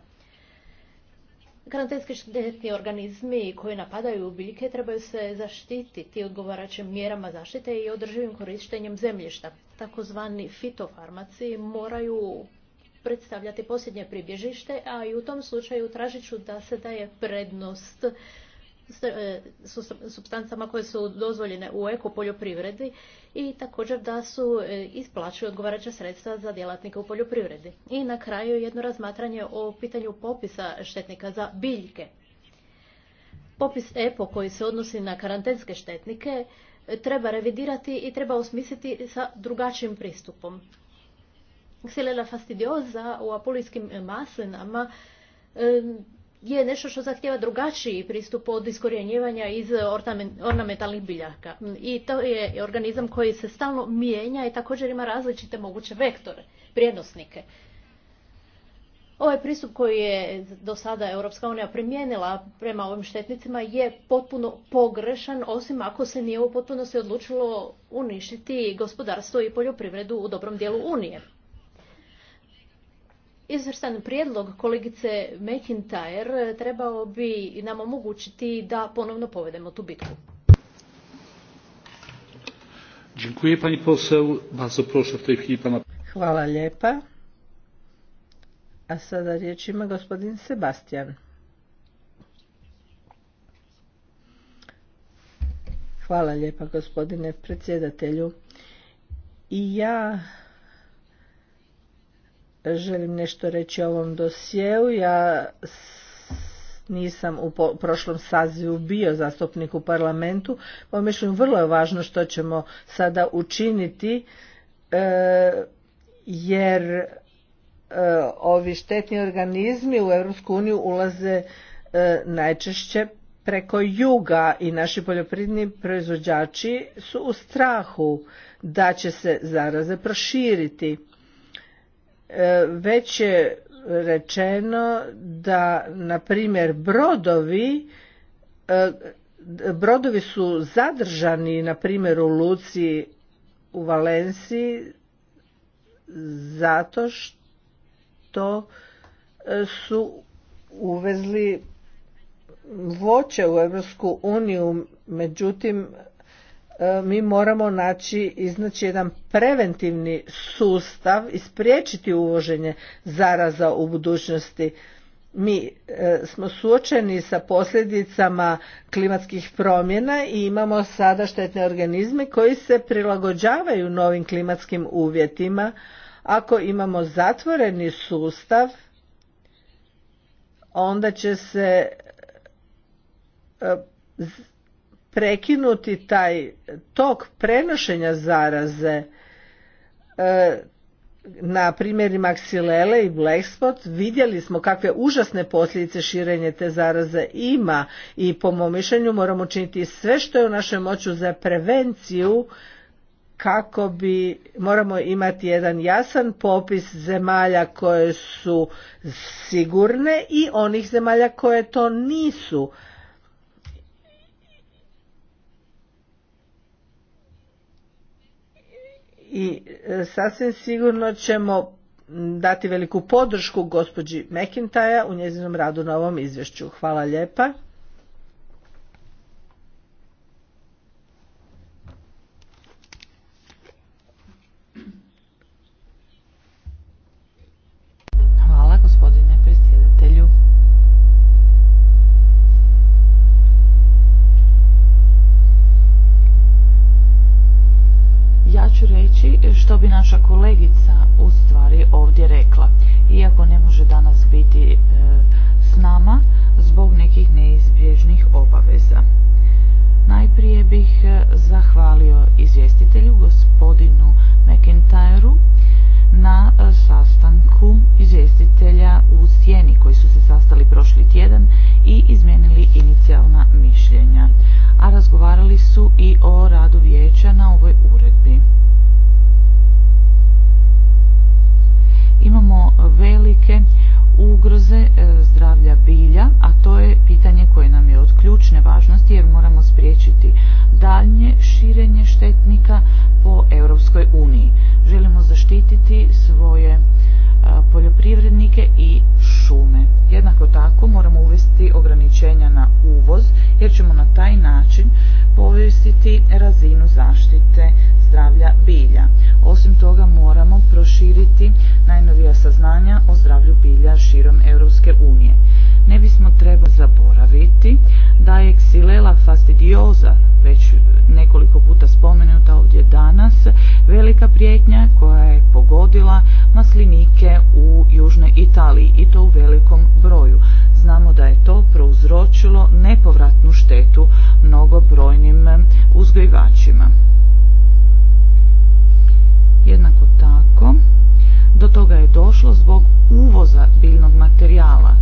Karantenski štetni organizmi koji napadaju biljke trebaju se zaštititi odgovarajućim mjerama zaštite i održivim korištenjem zemljišta. Takozvani fitofarmaci moraju predstavljati posljednje pribježište, a i u tom slučaju tražit ću da se daje prednost E, substancama koje su dozvoljene u ekopoljoprivredi i također da su e, isplaćuju odgovarajuća sredstva za djelatnike u poljoprivredi. I na kraju jedno razmatranje o pitanju popisa štetnika za biljke. Popis EPO koji se odnosi na karantenske štetnike e, treba revidirati i treba osmisliti sa drugačijim pristupom. Xylella fastidioza u apulijskim maslinama je nešto što zahtjeva drugačiji pristup od iskorjenjivanja iz ornamentalnih biljaka. I to je organizam koji se stalno mijenja i također ima različite moguće vektore, prijenosnike. Ovaj pristup koji je do sada Europska unija primijenila prema ovim štetnicima je potpuno pogrešan, osim ako se nije u potpunosti odlučilo uništiti gospodarstvo i poljoprivredu u dobrom dijelu Unije. Izvrstan prijedlog kolegice McIntyre eh, trebao bi nam omogućiti da ponovno povedemo tu bitku. Hvala lijepa. A sada riječ ima gospodin Sebastian. Hvala lijepa gospodine predsjedatelju. I ja želim nešto reći o ovom dosjeu. Ja nisam u prošlom sazivu bio zastupnik u parlamentu. Po mišljenju vrlo je važno što ćemo sada učiniti e, jer e, ovi štetni organizmi u EU ulaze e, najčešće preko juga i naši poljoprivredni proizvođači su u strahu da će se zaraze proširiti već je rečeno da na primjer brodovi e, brodovi su zadržani na primjer u luci u Valenciji zato što e, su uvezli voće u Europsku uniju međutim E, mi moramo naći, iznaći jedan preventivni sustav i spriječiti uvoženje zaraza u budućnosti. Mi e, smo suočeni sa posljedicama klimatskih promjena i imamo sada štetne organizme koji se prilagođavaju novim klimatskim uvjetima. Ako imamo zatvoreni sustav, onda će se e, prekinuti taj tok prenošenja zaraze e, na primjeri Maxilele i Blackspot vidjeli smo kakve užasne posljedice širenje te zaraze ima i po mom mišljenju moramo učiniti sve što je u našoj moću za prevenciju kako bi moramo imati jedan jasan popis zemalja koje su sigurne i onih zemalja koje to nisu i e, sasvim sigurno ćemo dati veliku podršku gospođi McIntyre u njezinom radu na ovom izvješću. Hvala lijepa. što bi naša kolegica u stvari ovdje rekla. Iako ne može danas biti e, s nama zbog nekih neizbježnih obaveza. Najprije bih e, zahvalio izvjestitelju gospodinu McIntyru, na e, sastanku izvjestitelja u Sjeni koji su se sastali prošli tjedan i izmijenili inicijalna mišljenja, a razgovarali su i o radu vijeća na ovoj uredbi. imamo velike ugroze e, zdravlja bilja, a to je pitanje koje nam je od ključne važnosti jer moramo spriječiti daljnje širenje štetnika po Europskoj uniji. Želimo zaštititi svoje poljoprivrednike i šume. Jednako tako moramo uvesti ograničenja na uvoz jer ćemo na taj način povisiti razinu zaštite zdravlja bilja. Osim toga moramo proširiti najnovija saznanja o zdravlju bilja širom Europske unije. Ne bismo trebali zaboraviti da je ksilela fastidioza već nekoliko puta spomenuta ovdje danas velika prijetnja koja pogodila maslinike u južnoj Italiji i to u velikom broju. Znamo da je to prouzročilo nepovratnu štetu mnogobrojnim eh, uzgojivačima. Jednako tako do toga je došlo zbog uvoza biljnog materijala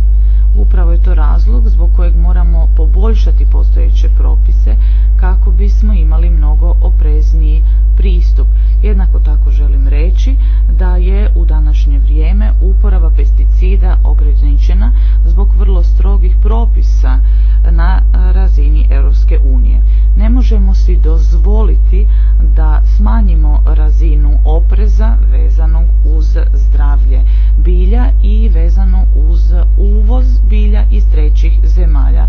Upravo je to razlog zbog kojeg moramo poboljšati postojeće propise kako bismo imali mnogo oprezniji pristup. Jednako tako želim reći da je u današnje vrijeme uporaba pesticida ograničena zbog vrlo strogih propisa na razini Europske unije. Ne možemo si dozvoliti da smanjimo razinu opreza vezanog uz zdravlje bilja i vezano uz uvoz bilja iz trećih zemalja,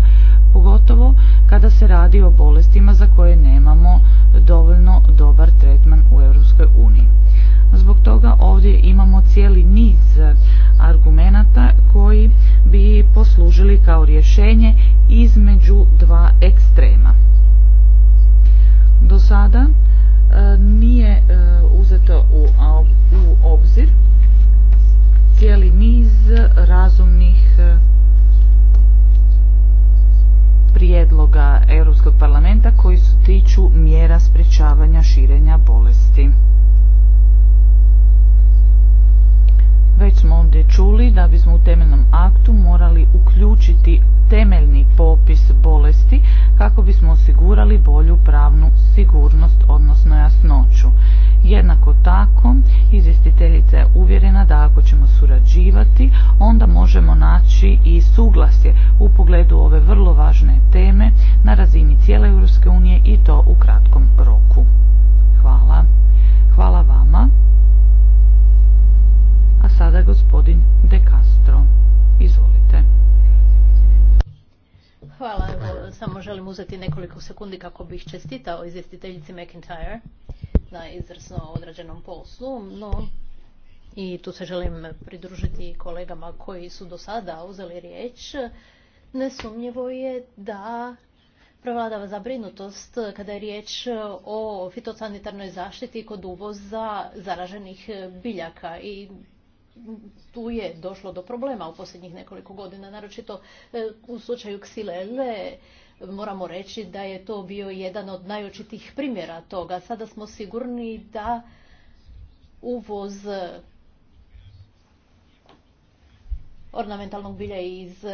pogotovo kada se radi o bolestima za koje nemamo dovoljno dobar tretman u Europskoj uniji. Zbog toga ovdje imamo cijeli niz argumenata koji bi poslužili kao rješenje između dva ekstrema. Do sada e, nije e, uzeto u, obzir cijeli niz razumnih e, prijedloga Europskog parlamenta koji se tiču mjera sprečavanja širenja bolesti. Već smo ovdje čuli da bismo u temeljnom aktu morali uključiti temeljni popis bolesti kako bismo osigurali bolju pravnu sigurnost, odnosno jasnoću. Jednako tako, izvjestiteljica je uvjerena da ako ćemo surađivati, onda možemo naći i suglasje u pogledu ove vrlo važne teme na razini cijele Europske unije i to u kratkom roku. Hvala. Hvala vama. A sada gospodin De Castro. Izvolite. Hvala. samo želim uzeti nekoliko sekundi kako bih čestitao izvjestiteljici McIntyre na izvrsno odrađenom poslu, no i tu se želim pridružiti kolegama koji su do sada uzeli riječ. Nesumnjivo je da prevladava zabrinutost kada je riječ o fitosanitarnoj zaštiti kod uvoza zaraženih biljaka i tu je došlo do problema u posljednjih nekoliko godina, naročito e, u slučaju ksilele Moramo reći da je to bio jedan od najočitih primjera toga. Sada smo sigurni da uvoz ornamentalnog bilja iz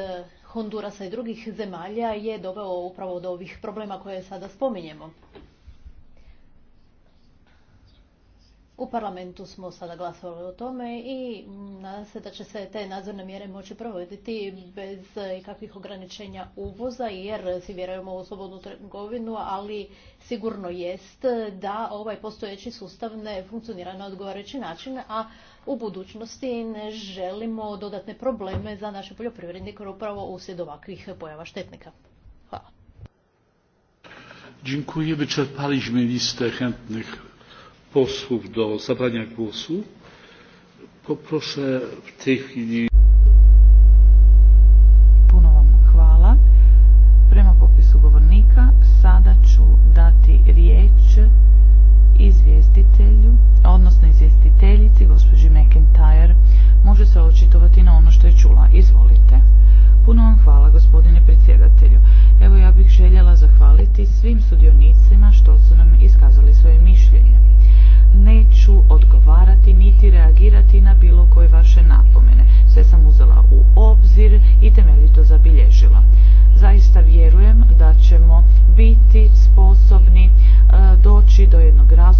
Hondurasa i drugih zemalja je doveo upravo do ovih problema koje sada spominjemo. U parlamentu smo sada glasovali o tome i nadam se da će se te nadzorne mjere moći provoditi bez ikakvih ograničenja uvoza jer si vjerujemo u slobodnu trgovinu, ali sigurno jest da ovaj postojeći sustav ne funkcionira na odgovarajući način, a u budućnosti ne želimo dodatne probleme za naše poljoprivrednike upravo uslijed ovakvih pojava štetnika. Dziękuję, wyczerpaliśmy listę chętnych posłów do zabrania głosu. Poproszę w tej chwili biti sposobni e, doći do jednog razloga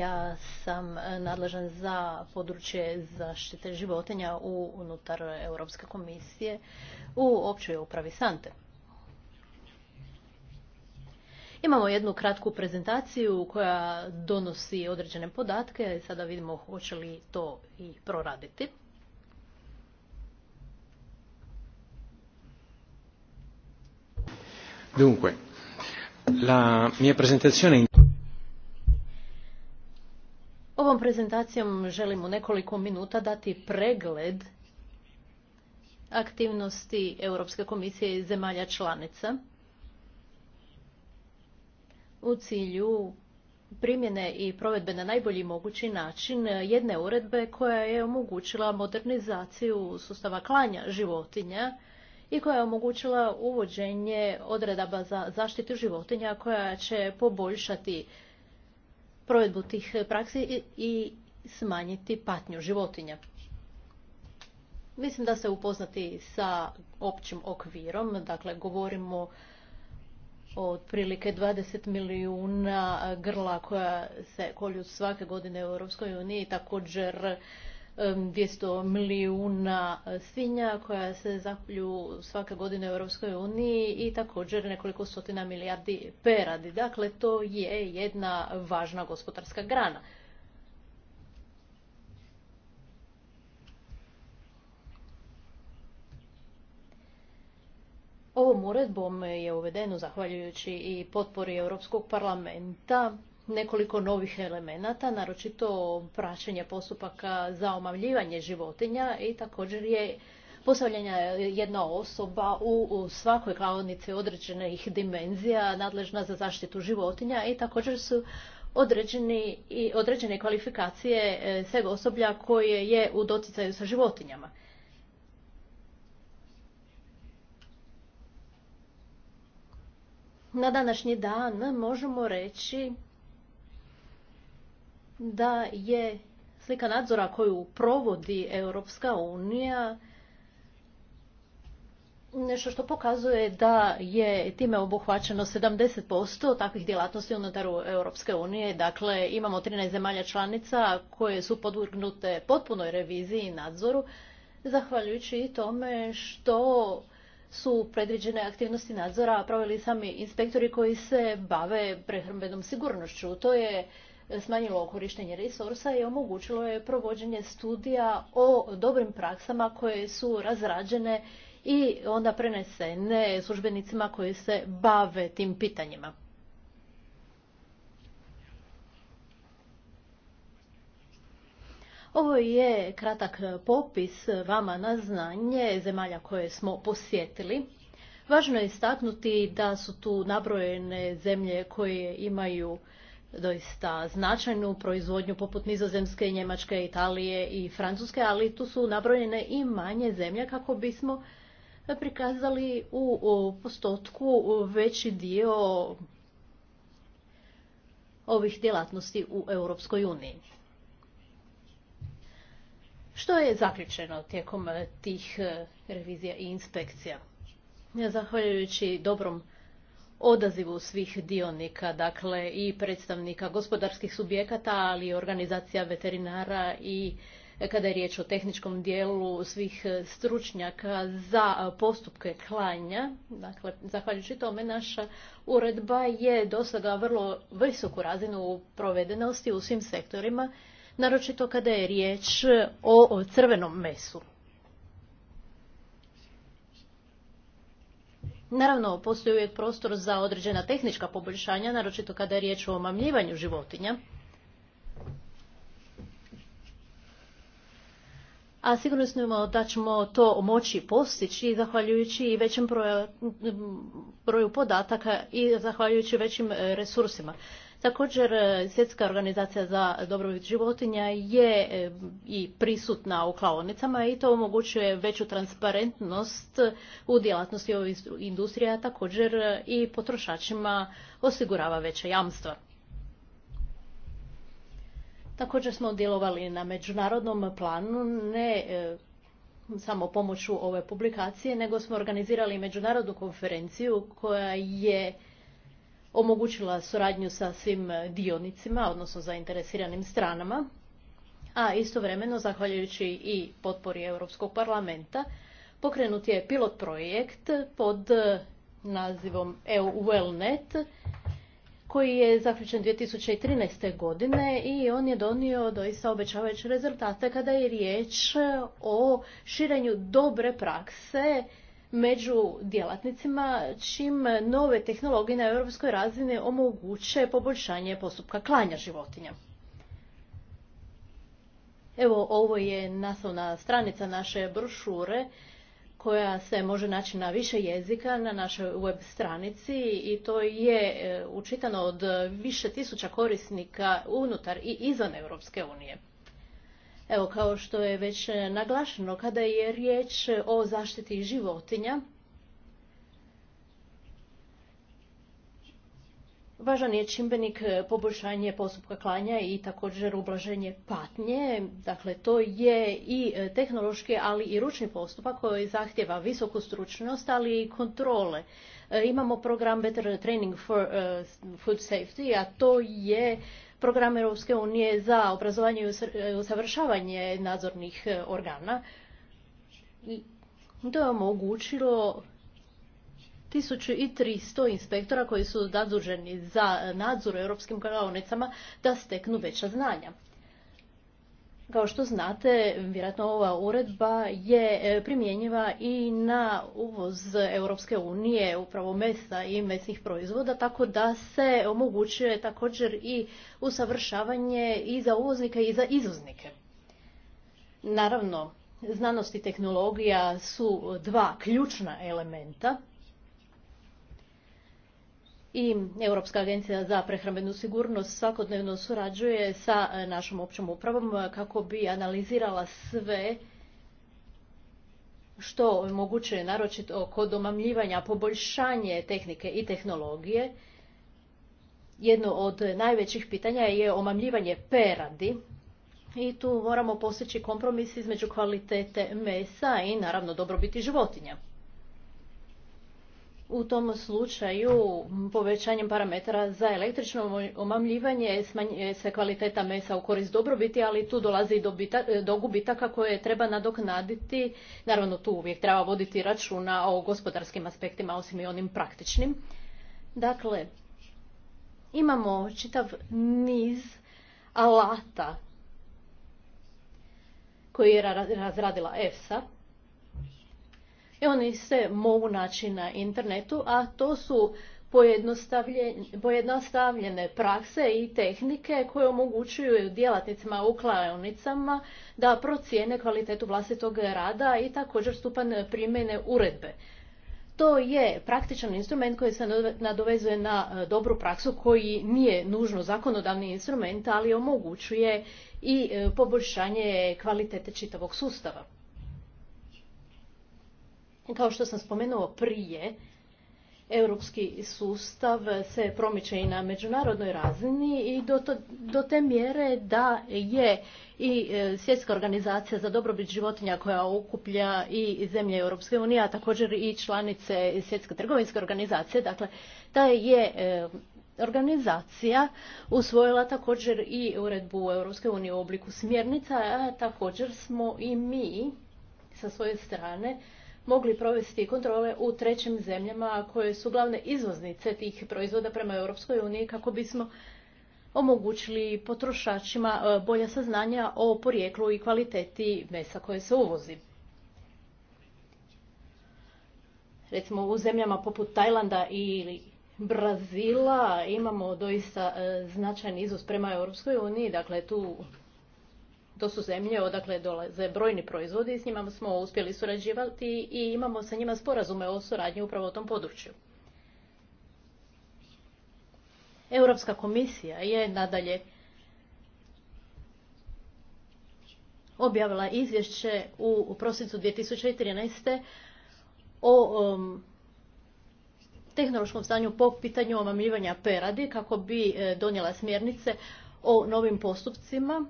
Ja sam e, nadležan za područje zaštite životinja unutar Europske komisije u općoj upravi Sante. Imamo jednu kratku prezentaciju koja donosi određene podatke. Sada vidimo hoće li to i proraditi. Dunque, la mia presentazione prezentacijom želim u nekoliko minuta dati pregled aktivnosti Europske komisije i zemalja članica u cilju primjene i provedbe na najbolji mogući način jedne uredbe koja je omogućila modernizaciju sustava klanja životinja i koja je omogućila uvođenje odredaba za zaštitu životinja koja će poboljšati provedbu tih praksi i smanjiti patnju životinja. Mislim da se upoznati sa općim okvirom, dakle govorimo o otprilike 20 milijuna grla koja se kolju svake godine u Europskoj uniji, također 200 milijuna e, svinja koja se zaklju svake godine u Europskoj uniji i također nekoliko stotina milijardi peradi. Dakle, to je jedna važna gospodarska grana. Ovom uredbom je uvedeno, zahvaljujući i potpori Europskog parlamenta, nekoliko novih elemenata, naročito praćenje postupaka za omavljivanje životinja i također je postavljena jedna osoba u svakoj klaonici određenih dimenzija nadležna za zaštitu životinja i također su i određene kvalifikacije e, svega osoblja koje je u doticaju sa životinjama. Na današnji dan možemo reći da je slika nadzora koju provodi Europska unija nešto što pokazuje da je time obuhvaćeno 70% takvih djelatnosti unutar Europske unije. Dakle, imamo 13 zemalja članica koje su podvrgnute potpunoj reviziji i nadzoru, zahvaljujući tome što su predviđene aktivnosti nadzora proveli sami inspektori koji se bave prehrambenom sigurnošću. To je smanjilo korištenje resursa i omogućilo je provođenje studija o dobrim praksama koje su razrađene i onda prenesene službenicima koji se bave tim pitanjima. Ovo je kratak popis vama na znanje zemalja koje smo posjetili. Važno je istaknuti da su tu nabrojene zemlje koje imaju doista značajnu proizvodnju poput Nizozemske, Njemačke, Italije i Francuske, ali tu su nabrojene i manje zemlje kako bismo prikazali u, postotku veći dio ovih djelatnosti u Europskoj uniji. Što je zaključeno tijekom tih revizija i inspekcija? Zahvaljujući dobrom odazivu svih dionika, dakle i predstavnika gospodarskih subjekata, ali i organizacija veterinara i kada je riječ o tehničkom dijelu svih stručnjaka za postupke klanja. Dakle, zahvaljujući tome naša uredba je dosaga vrlo visoku razinu provedenosti u svim sektorima, naročito kada je riječ o crvenom mesu. Naravno, postoji uvijek prostor za određena tehnička poboljšanja, naročito kada je riječ o omamljivanju životinja. A sigurno smo da ćemo to moći postići zahvaljujući i većem broju, broju podataka i zahvaljujući većim e, resursima. Također, e, Svjetska organizacija za dobrobit životinja je e, i prisutna u klaonicama i to omogućuje veću transparentnost u djelatnosti ove industrije, a također e, i potrošačima osigurava veće jamstva. Također smo djelovali na međunarodnom planu, ne samo pomoću ove publikacije, nego smo organizirali međunarodnu konferenciju koja je omogućila suradnju sa svim e, dionicima, odnosno zainteresiranim stranama, a istovremeno, zahvaljujući i potpori Europskog parlamenta, pokrenut je pilot projekt pod e, nazivom EU Wellnet, koji je zaključen 2013. godine i on je donio doista obećavajuće rezultate kada je riječ e, o širenju dobre prakse među djelatnicima, čim nove tehnologije na europskoj razini omoguće poboljšanje postupka klanja životinja. Evo, ovo je naslovna stranica naše brošure koja se može naći na više jezika na našoj web stranici i to je e, učitano od više tisuća korisnika unutar i izvan Europske unije. Evo, kao što je već e, naglašeno, kada je riječ o zaštiti životinja, Važan je čimbenik e, poboljšanje postupka klanja i također ublaženje patnje. Dakle, to je i e, tehnološki, ali i ručni postupak koji zahtjeva visoku stručnost, ali i kontrole. Imamo program Better Training for Food Safety, a to je program Europske unije za obrazovanje i e, usavršavanje nadzornih e, organa. I to je omogućilo 1300 inspektora koji su zaduženi za nadzor u europskim kanalnicama da steknu veća znanja. Kao što znate, vjerojatno ova uredba je e, primjenjiva i na uvoz Europske unije, upravo mesa i mesnih proizvoda, tako da se omogućuje također i usavršavanje i za uvoznike i za izvoznike. Naravno, znanost i tehnologija su dva ključna elementa i Europska agencija za prehrambenu sigurnost svakodnevno surađuje sa e, našom općom upravom e, kako bi analizirala sve što omogućuje naročito kod omamljivanja poboljšanje tehnike i tehnologije. Jedno od najvećih pitanja je omamljivanje peradi i tu moramo postići kompromis između kvalitete mesa i naravno dobrobiti životinja u tom slučaju povećanjem parametara za električno omamljivanje smanjuje se kvaliteta mesa u korist dobrobiti, ali tu dolazi i do, gubitaka koje treba nadoknaditi. Naravno tu uvijek treba voditi računa o gospodarskim aspektima osim i onim praktičnim. Dakle, imamo čitav niz alata koji je razradila EFSA i oni se mogu naći na internetu, a to su pojednostavljene prakse i tehnike koje omogućuju djelatnicima u klaonicama da procijene kvalitetu vlastitog rada i također stupan primjene uredbe. To je praktičan instrument koji se nadovezuje na e, dobru praksu koji nije nužno zakonodavni instrument, ali omogućuje i e, poboljšanje kvalitete čitavog sustava. Kao što sam spomenuo prije, europski sustav se promiče i na međunarodnoj razini i do, do te mjere da je i e, svjetska organizacija za dobrobit životinja koja okuplja i zemlje Europske unije, a također i članice svjetske trgovinske organizacije. Dakle, ta je e, organizacija usvojila također i uredbu Europske unije u obliku smjernica, a također smo i mi sa svoje strane mogli provesti kontrole u trećim zemljama koje su glavne izvoznice tih proizvoda prema Europskoj uniji kako bismo omogućili potrošačima e, bolja saznanja o porijeklu i kvaliteti mesa koje se uvozi. Recimo u zemljama poput Tajlanda ili Brazila imamo doista e, značajan izvoz prema Europskoj uniji, dakle tu to su zemlje odakle dolaze brojni proizvodi s njima smo uspjeli surađivati i imamo sa njima sporazume o suradnji upravo u tom području. Europska komisija je nadalje objavila izvješće u, prosincu 2013. o um, tehnološkom stanju po pitanju omamljivanja peradi kako bi e, donijela smjernice o novim postupcima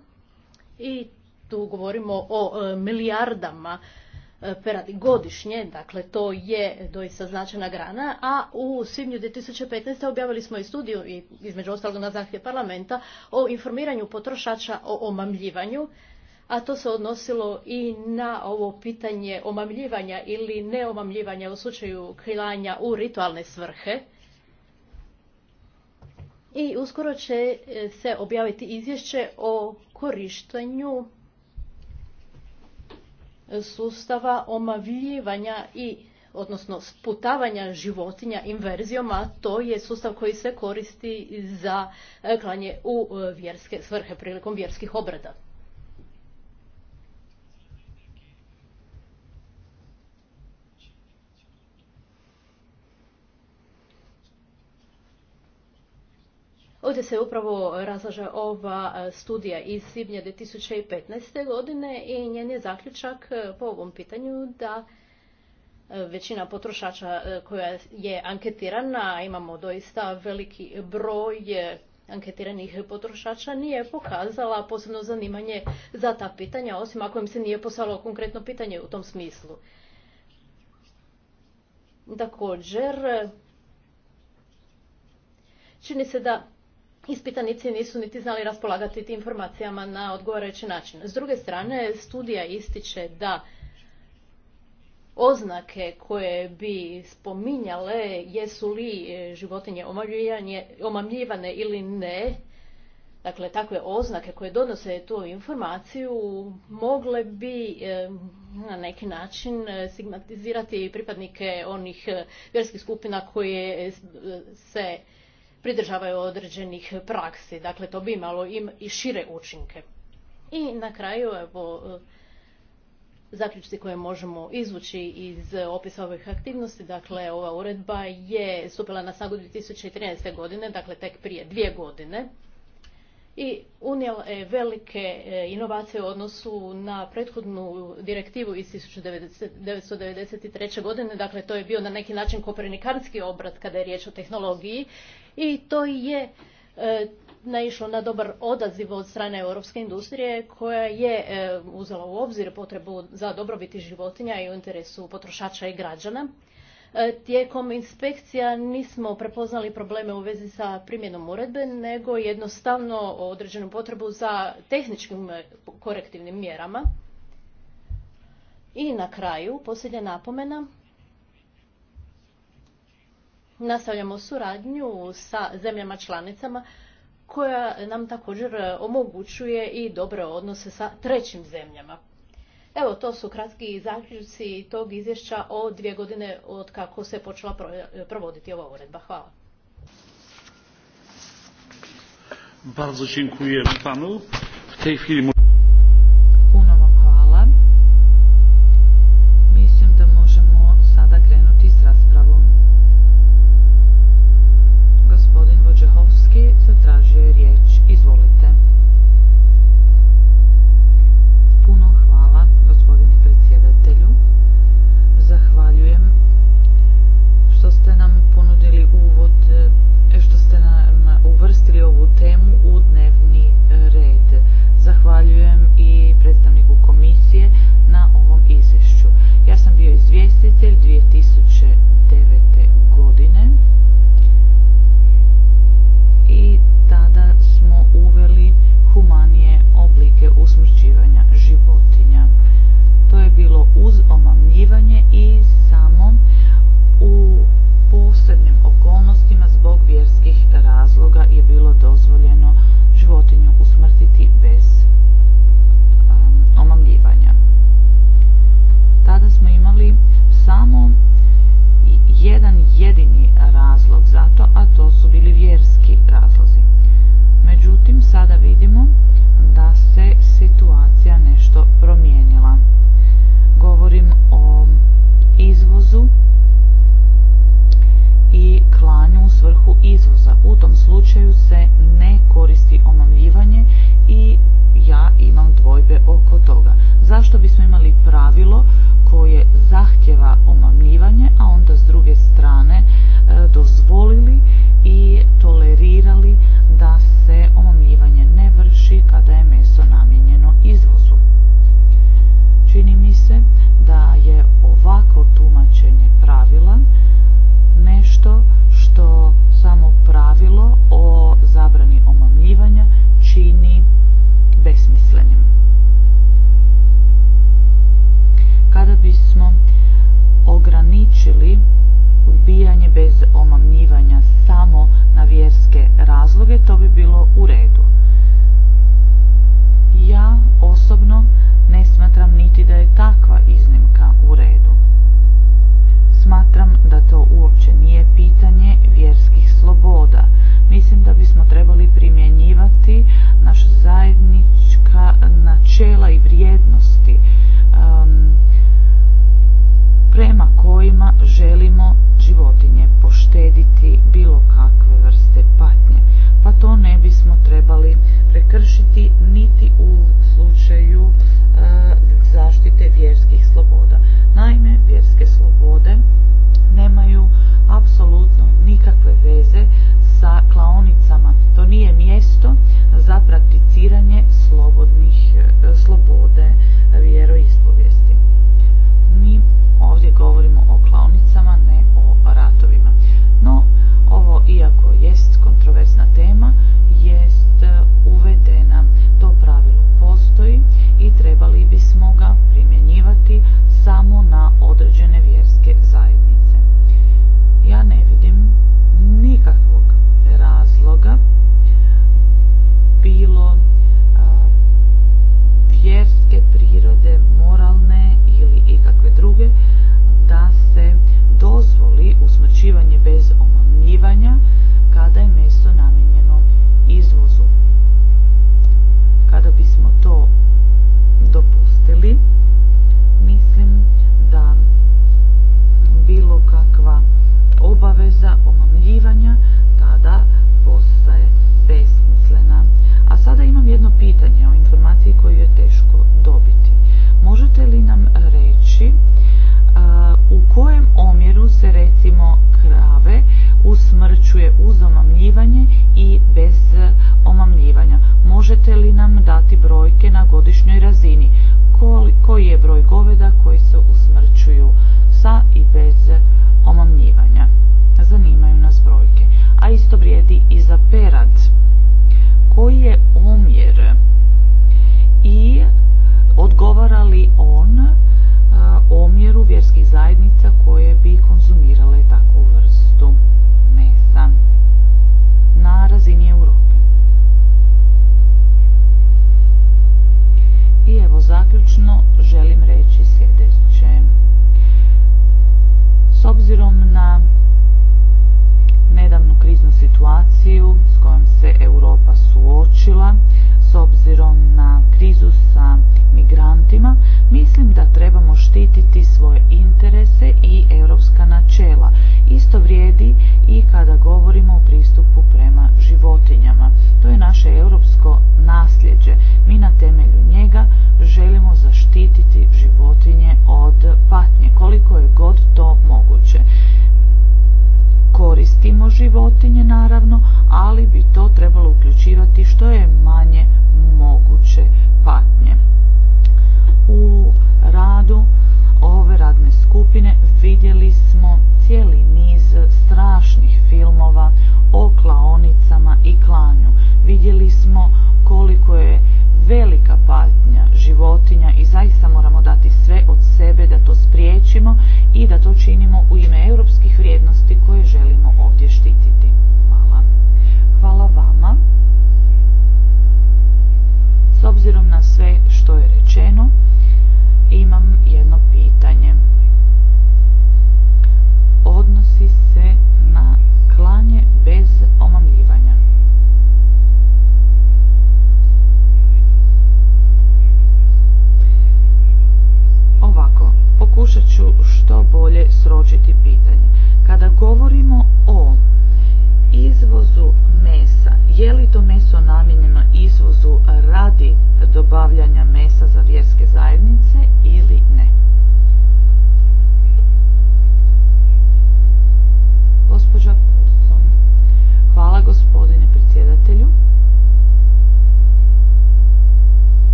i tu govorimo o e, milijardama e, peradi godišnje, dakle to je doista značajna grana, a u svibnju 2015. objavili smo i studiju, između ostalog na zahtjev parlamenta, o informiranju potrošača o omamljivanju, a to se odnosilo i na ovo pitanje omamljivanja ili neomamljivanja u slučaju krilanja u ritualne svrhe i uskoro će e, se objaviti izvješće o korištenju sustava omavljivanja i odnosno sputavanja životinja inverzijom, a to je sustav koji se koristi za e, klanje u e, vjerske svrhe prilikom vjerskih obrada. Ovdje se upravo razlaže ova e, studija iz svibnja 2015. godine i njen je zaključak e, po ovom pitanju da e, većina potrošača koja je anketirana, imamo doista veliki broj anketiranih potrošača, nije pokazala posebno zanimanje za ta pitanja, osim ako im se nije poslalo konkretno pitanje u tom smislu. Također, čini se da ispitanici nisu niti znali raspolagati tim informacijama na odgovarajući način. S druge strane, studija ističe da oznake koje bi spominjale jesu li e, životinje omamljivane ili ne, dakle takve oznake koje donose tu informaciju mogle bi e, na neki način e, stigmatizirati pripadnike onih vjerskih skupina koje se pridržavaju određenih praksi. Dakle, to bi imalo im i šire učinke. I na kraju, evo, zaključci koje možemo izvući iz opisa ovih aktivnosti. Dakle, ova uredba je stupila na snagu 2013. godine, dakle tek prije dvije godine. I unijela je velike e, inovacije u odnosu na prethodnu direktivu iz 1993. godine. Dakle, to je bio na neki način kopernikanski obrat kada je riječ o tehnologiji i to je e, naišlo na dobar odaziv od strane europske industrije koja je e, uzela u obzir potrebu za dobrobiti životinja i u interesu potrošača i građana. E, tijekom inspekcija nismo prepoznali probleme u vezi sa primjenom uredbe, nego jednostavno određenu potrebu za tehničkim korektivnim mjerama. I na kraju, posljednja napomena, nastavljamo suradnju sa zemljama članicama koja nam također e, omogućuje i dobre odnose sa trećim zemljama. Evo, to su kratki zaključci tog izvješća o dvije godine od kako se počela e, provoditi ova uredba. Hvala.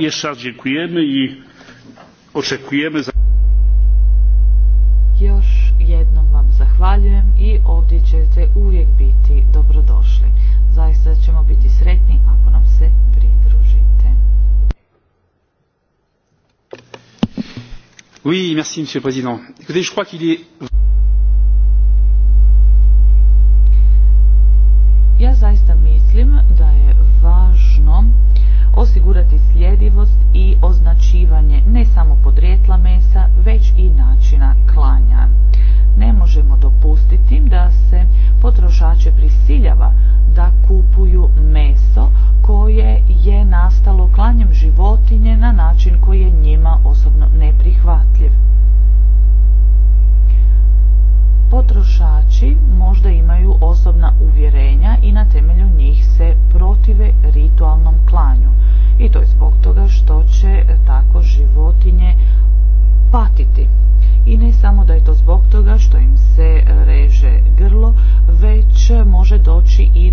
Jeszcze raz dziękujemy i oczekujemy za... Još jednom vam zahvaljujem i ovdje ćete uvijek biti dobrodošli. Zaista ćemo biti sretni ako nam se pridružite. Oui, merci monsieur le président. Écoutez, je crois qu'il est na način koji je njima osobno neprihvatljiv. Potrošači možda imaju osobna uvjerenja i na temelju njih se protive ritualnom klanju. I to je zbog toga što će tako životinje patiti. I ne samo da je to zbog toga što im se reže grlo, već može doći i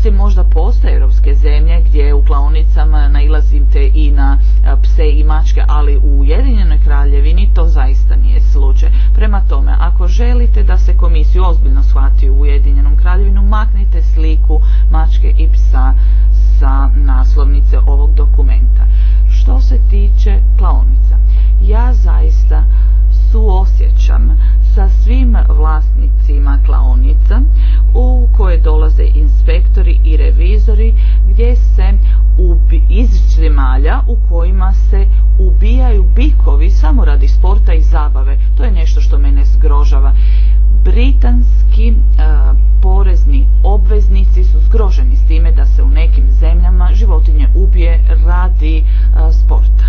Mislim možda postoje europske zemlje gdje u klaonicama nailazite i na pse i mačke, ali u Ujedinjenoj kraljevini to zaista nije slučaj. Prema tome, ako želite da se komisiju ozbiljno shvati u Ujedinjenom kraljevinu, maknite sliku mačke i psa sa naslovnice ovog dokumenta. Što se tiče klaonica, ja zaista suosjećam sa svim vlasnicima klaonica u dolaze inspektori i revizori gdje se iz zemalja u kojima se ubijaju bikovi samo radi sporta i zabave. To je nešto što mene zgrožava. Britanski e, porezni obveznici su zgroženi s time da se u nekim zemljama životinje ubije radi e, sporta.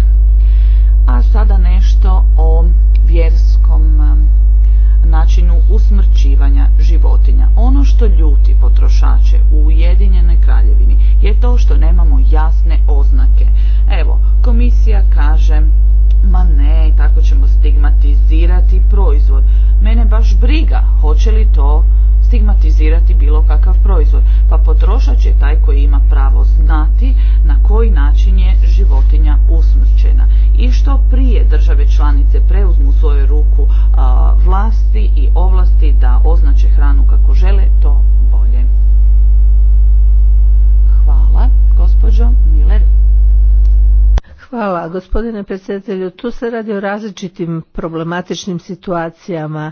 A sada nešto o vjerskom e, načinu usmrćivanja potrošače u Ujedinjenoj kraljevini je to što nemamo jasne oznake. Evo, komisija kaže ma ne, tako ćemo stigmatizirati proizvod. Mene baš briga hoće li to stigmatizirati bilo kakav proizvod. Pa potrošač je taj koji ima pravo znati na koji način je životinja usmrćena. I što prije države članice preuzmu u svoju ruku vlasti i ovlasti da označe hranu kako žele, to bolje. Hvala, gospođo Miller. Hvala, gospodine predsjedatelju. Tu se radi o različitim problematičnim situacijama.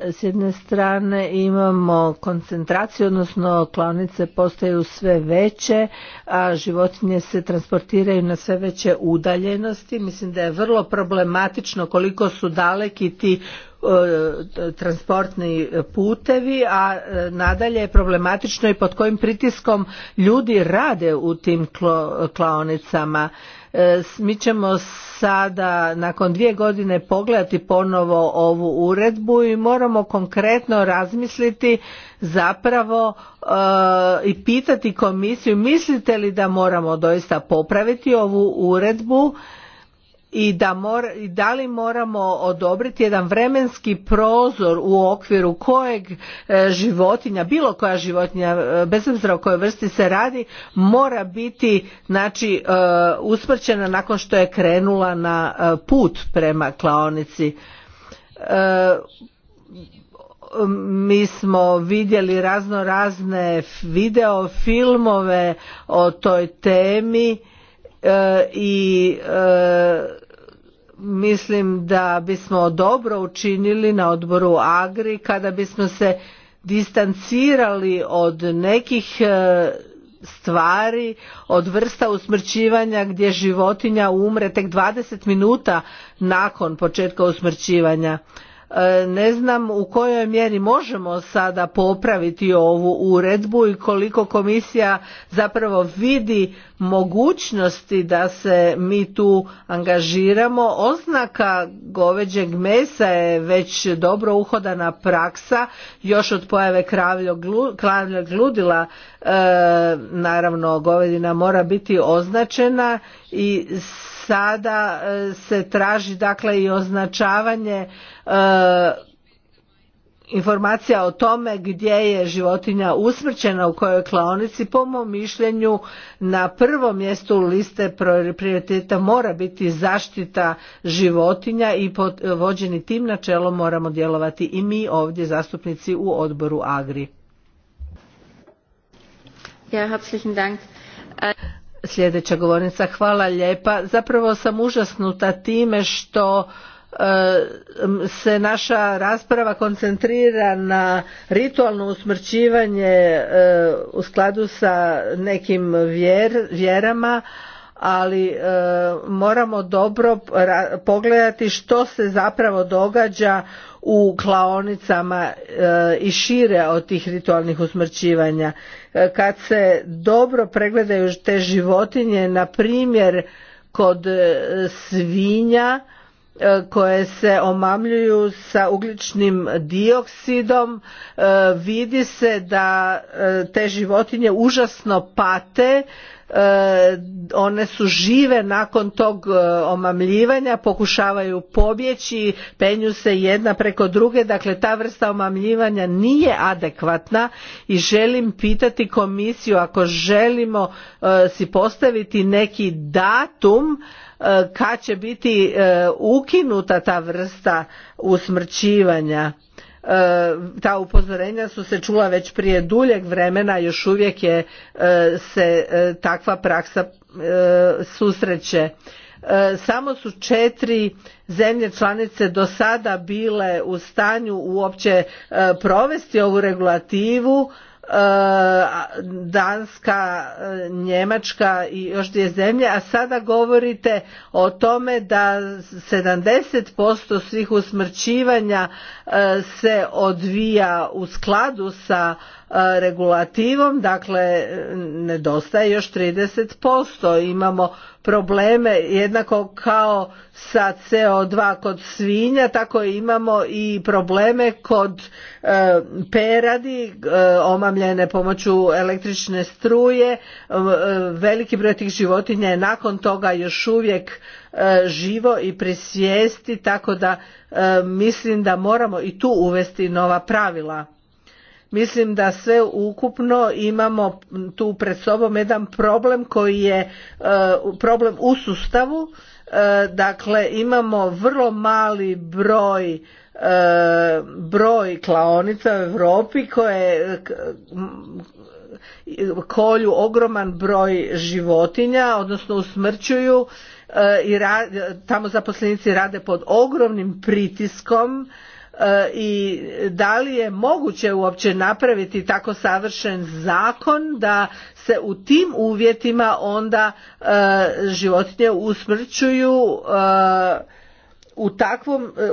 S jedne strane imamo koncentraciju, odnosno klanice postaju sve veće, a životinje se transportiraju na sve veće udaljenosti. Mislim da je vrlo problematično koliko su daleki ti e, transportni putevi, a e, nadalje je problematično i pod kojim pritiskom ljudi rade u tim klaonicama. E, mi ćemo sada nakon dvije godine pogledati ponovo ovu uredbu i moramo konkretno razmisliti zapravo e, i pitati komisiju mislite li da moramo doista popraviti ovu uredbu i da, da li moramo odobriti jedan vremenski prozor u okviru kojeg e, životinja, bilo koja životinja, e, bez obzira o kojoj vrsti se radi, mora biti znači, e, usmrćena nakon što je krenula na put prema klaonici. Mi smo vidjeli razno razne video filmove o toj temi E, i e, mislim da bismo dobro učinili na odboru Agri kada bismo se distancirali od nekih e, stvari, od vrsta usmrćivanja gdje životinja umre tek 20 minuta nakon početka usmrćivanja. E, ne znam u kojoj mjeri možemo sada popraviti ovu uredbu i koliko komisija zapravo vidi mogućnosti da se mi tu angažiramo. Oznaka goveđeg mesa je već dobro uhodana praksa još od pojave kravljog ludila e, naravno govedina mora biti označena i sada e, se traži dakle i označavanje e, informacija o tome gdje je životinja usmrćena u kojoj klaonici po mom mišljenju na prvom mjestu liste prioriteta mora biti zaštita životinja i pod, vođeni tim načelom moramo djelovati i mi ovdje zastupnici u odboru Agri. Ja, herzlichen Dank sljedeća govornica. Hvala lijepa. Zapravo sam užasnuta time što se naša rasprava koncentrira na ritualno usmrćivanje u skladu sa nekim vjer, vjerama ali moramo dobro pogledati što se zapravo događa u klaonicama e, i šire od tih ritualnih usmrćivanja. E, kad se dobro pregledaju te životinje, na primjer kod e, svinja koje se omamljuju sa ugljičnim dioksidom, vidi se da te životinje užasno pate E, one su žive nakon tog e, omamljivanja pokušavaju pobjeći penju se jedna preko druge dakle ta vrsta omamljivanja nije adekvatna i želim pitati komisiju ako želimo e, si postaviti neki datum kad će biti ukinuta ta vrsta usmrćivanja E, ta upozorenja su se čula već prije duljeg vremena, još uvijek je e, se e, takva praksa susreće. Samo su četiri zemlje članice do sada bile u stanju uopće provesti ovu regulativu E, Danska, e, Njemačka i još dvije zemlje, a sada govorite o tome da 70% svih usmrćivanja e, se odvija u skladu sa regulativom, dakle nedostaje još 30%. Imamo probleme jednako kao sa CO2 kod svinja, tako imamo i probleme kod e, peradi e, omamljene pomoću električne struje. E, veliki broj tih životinja je nakon toga još uvijek živo i prisvijesti, tako da mislim da moramo i tu uvesti nova pravila. Mislim da sve ukupno imamo tu pred sobom jedan problem koji je e, problem u sustavu. E, dakle, imamo vrlo mali broj e, broj klaonica u Europi koje kolju ogroman broj životinja, odnosno usmrćuju i tamo zaposlenici rade pod ogromnim pritiskom i da li je moguće uopće napraviti tako savršen zakon da se u tim uvjetima onda e, životinje usmrćuju e, u takvom e,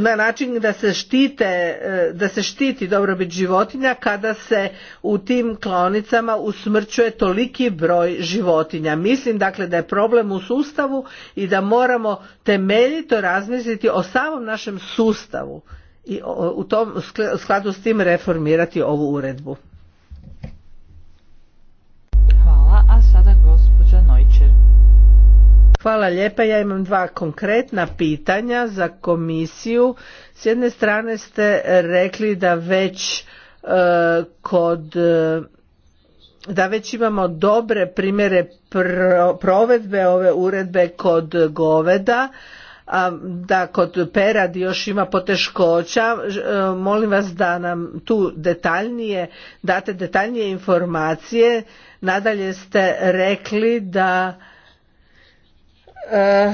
na način da se štite e, da se štiti dobrobit životinja kada se u tim klonicama usmrćuje toliki broj životinja mislim dakle da je problem u sustavu i da moramo temeljito razmisliti o samom našem sustavu i u tom u skladu s tim reformirati ovu uredbu Hvala lijepa. Ja imam dva konkretna pitanja za komisiju. S jedne strane ste rekli da već e, kod e, da već imamo dobre primjere provedbe ove uredbe kod goveda a da kod perad još ima poteškoća e, molim vas da nam tu detaljnije date detaljnije informacije nadalje ste rekli da Eh,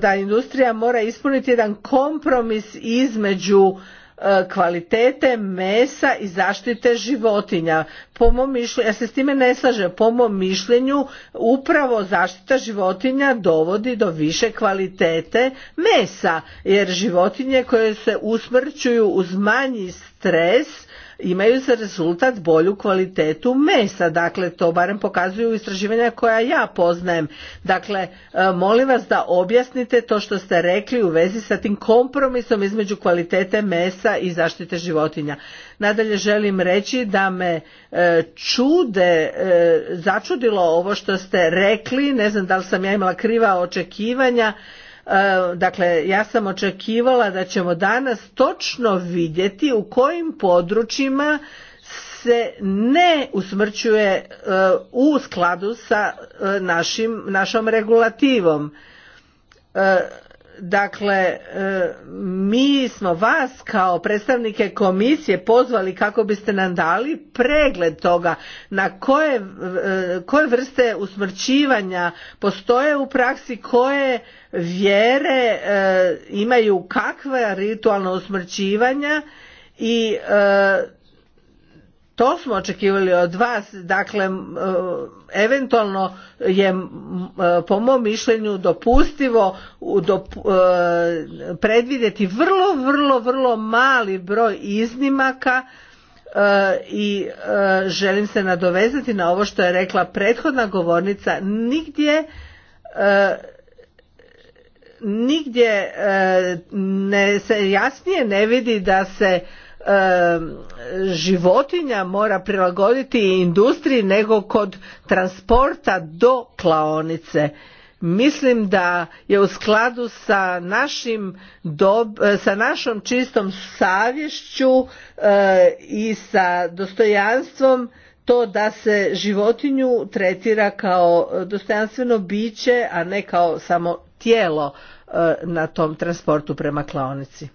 da industrija mora ispuniti jedan kompromis između eh, kvalitete mesa i zaštite životinja. Po mom mišljenju, ja se s time ne slažem, po mom mišljenju upravo zaštita životinja dovodi do više kvalitete mesa, jer životinje koje se usmrćuju uz manji stres imaju za rezultat bolju kvalitetu mesa. Dakle, to barem pokazuju istraživanja koja ja poznajem. Dakle, e, molim vas da objasnite to što ste rekli u vezi sa tim kompromisom između kvalitete mesa i zaštite životinja. Nadalje želim reći da me e, čude, e, začudilo ovo što ste rekli, ne znam da li sam ja imala kriva očekivanja, E, dakle, ja sam očekivala da ćemo danas točno vidjeti u kojim područjima se ne usmrćuje e, u skladu sa e, našom regulativom Dakle, e, mi smo vas kao predstavnike komisije pozvali kako biste nam dali pregled toga na koje, e, koje vrste usmrćivanja postoje u praksi, koje vjere e, imaju kakva ritualna usmrćivanja i to smo očekivali od vas dakle e, eventualno je e, po mom mišljenju dopustivo e, predvidjeti vrlo vrlo vrlo mali broj iznimaka i želim se nadovezati na ovo što je rekla prethodna govornica nigdje nigdje ne se jasnije ne vidi da se životinja mora prilagoditi i industriji nego kod transporta do klaonice mislim da je u skladu sa, našim dob, sa našom čistom savješću eh, i sa dostojanstvom to da se životinju tretira kao dostojanstveno biće a ne kao samo tijelo eh, na tom transportu prema klaonici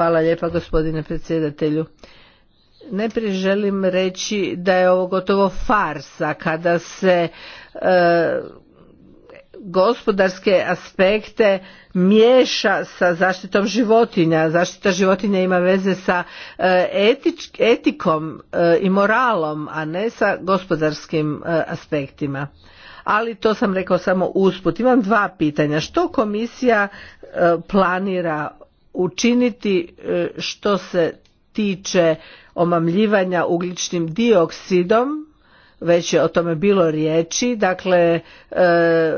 Hvala lijepa gospodine predsjedatelju. Najprije želim reći da je ovo gotovo farsa kada se e, gospodarske aspekte miješa sa zaštitom životinja. Zaštita životinja ima veze sa e, etikom e, i moralom, a ne sa gospodarskim aspektima. Ali to sam rekao samo usput. Imam dva pitanja. Što komisija planira učiniti e, što se tiče omamljivanja ugljičnim dioksidom, već je o tome bilo riječi, dakle e,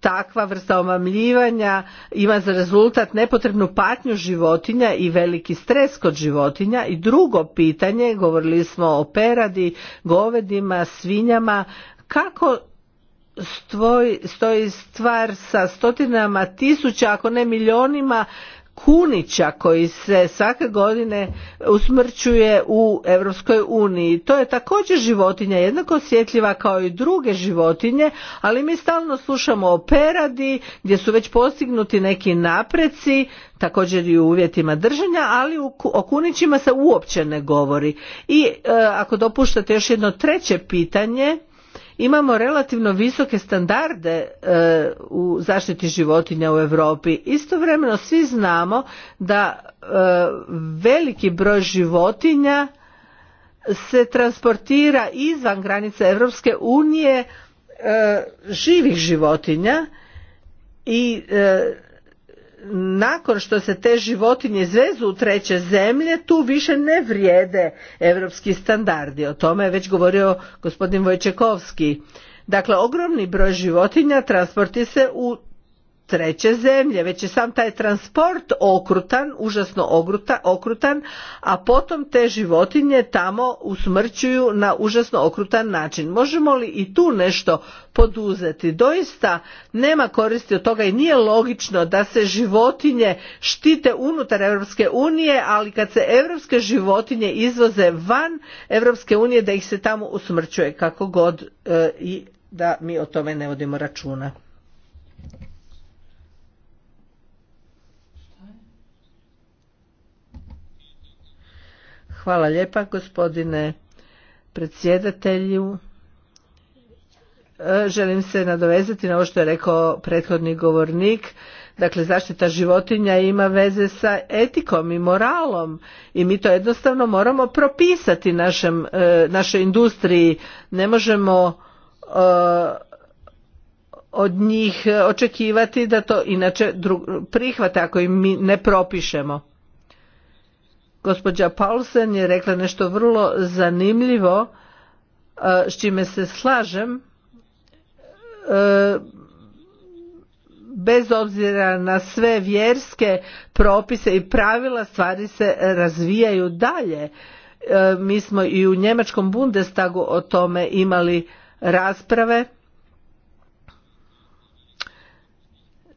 takva vrsta omamljivanja ima za rezultat nepotrebnu patnju životinja i veliki stres kod životinja. I drugo pitanje, govorili smo o peradi, govedima, svinjama, kako stoji stvar sa stotinama tisuća, ako ne milionima kunića koji se svake godine usmrćuje u Europskoj uniji. To je također životinja jednako osjetljiva kao i druge životinje, ali mi stalno slušamo o peradi gdje su već postignuti neki napreci, također i u uvjetima držanja, ali o kunićima se uopće ne govori. I e, ako dopuštate još jedno treće pitanje, imamo relativno visoke standarde e, u zaštiti životinja u Europi. Istovremeno svi znamo da e, veliki broj životinja se transportira izvan granica Europske unije e, živih životinja i nakon što se te životinje izvezu u treće zemlje, tu više ne vrijede europski standardi. O tome je već govorio gospodin Vojčekovski. Dakle, ogromni broj životinja transporti se u treće zemlje, već je sam taj transport okrutan, užasno okrutan, a potom te životinje tamo usmrćuju na užasno okrutan način. Možemo li i tu nešto poduzeti? Doista nema koristi od toga i nije logično da se životinje štite unutar Europske unije, ali kad se europske životinje izvoze van Europske unije da ih se tamo usmrćuje kako god e, i da mi o tome ne vodimo računa. Hvala lijepa gospodine predsjedatelju. E, želim se nadovezati na ovo što je rekao prethodni govornik. Dakle, zaštita životinja ima veze sa etikom i moralom i mi to jednostavno moramo propisati našem, e, našoj industriji. Ne možemo e, od njih očekivati da to inače prihvate ako im mi ne propišemo. Gospođa Paulsen je rekla nešto vrlo zanimljivo e, s čime se slažem e, bez obzira na sve vjerske propise i pravila stvari se razvijaju dalje. E, mi smo i u njemačkom Bundestagu o tome imali rasprave.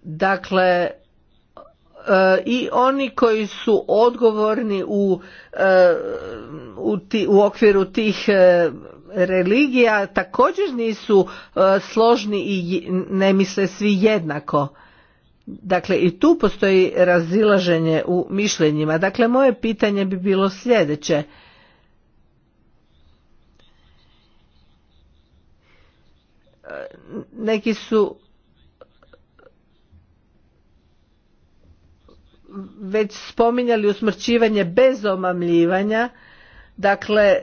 Dakle E, i oni koji su odgovorni u, e, u, u okviru tih e, religija također nisu složni i ne misle svi jednako dakle i tu postoji razilaženje u mišljenjima dakle moje pitanje bi bilo sljedeće neki su već spominjali usmrćivanje bez omamljivanja dakle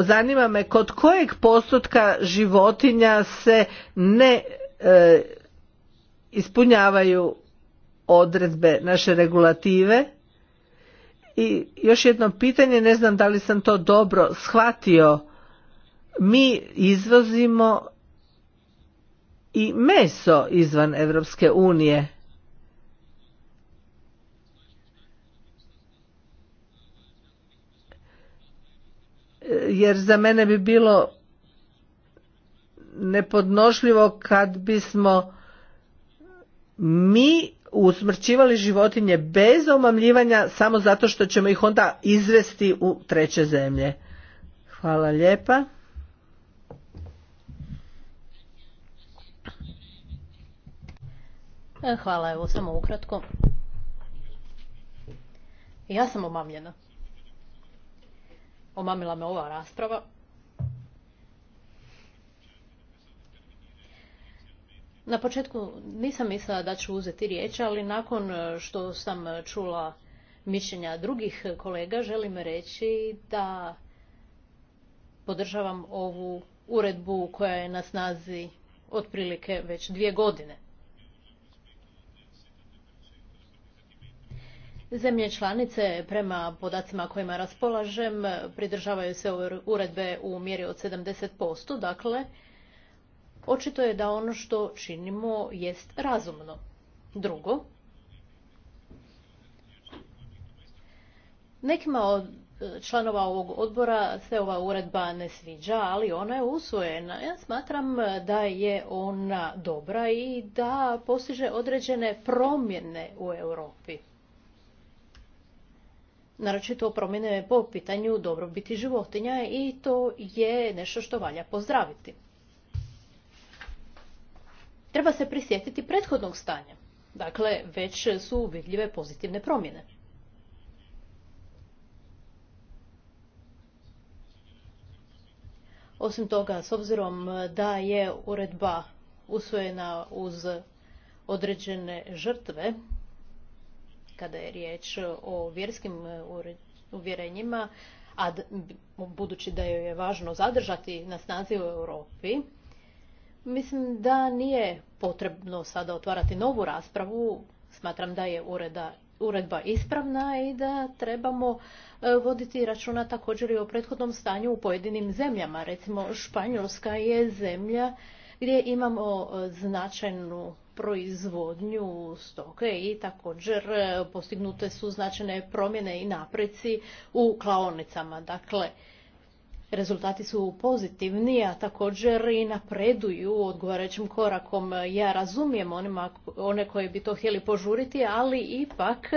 zanima me kod kojeg postotka životinja se ne e, ispunjavaju odredbe naše regulative i još jedno pitanje ne znam da li sam to dobro shvatio mi izvozimo i meso izvan Europske unije jer za mene bi bilo nepodnošljivo kad bismo mi usmrćivali životinje bez omamljivanja samo zato što ćemo ih onda izvesti u treće zemlje. Hvala lijepa. E, hvala, evo samo ukratko. Ja sam omamljena omamila me ova rasprava. Na početku nisam mislila da ću uzeti riječ, ali nakon što sam čula mišljenja drugih kolega, želim reći da podržavam ovu uredbu koja je na snazi otprilike već dvije godine. Zemlje članice, prema podacima kojima raspolažem, pridržavaju se uredbe u mjeri od 70%, dakle, očito je da ono što činimo jest razumno. Drugo, nekima od članova ovog odbora se ova uredba ne sviđa, ali ona je usvojena. Ja smatram da je ona dobra i da postiže određene promjene u Europi naročito promjene po pitanju dobrobiti životinja i to je nešto što valja pozdraviti. Treba se prisjetiti prethodnog stanja. Dakle, već su vidljive pozitivne promjene. Osim toga, s obzirom da je uredba usvojena uz određene žrtve, kada je riječ o vjerskim e, uvjerenjima, a budući da joj je važno zadržati na snazi u Europi, mislim da nije potrebno sada otvarati novu raspravu. Smatram da je uredba ispravna i da trebamo e, voditi računa također i o prethodnom stanju u pojedinim zemljama. Recimo Španjolska je zemlja gdje imamo e, značajnu proizvodnju stoke i također e, postignute su značajne promjene i napreci u klaonicama. Dakle, rezultati su pozitivni, a također i napreduju odgovarajućim korakom. Ja razumijem onima, one koji bi to htjeli požuriti, ali ipak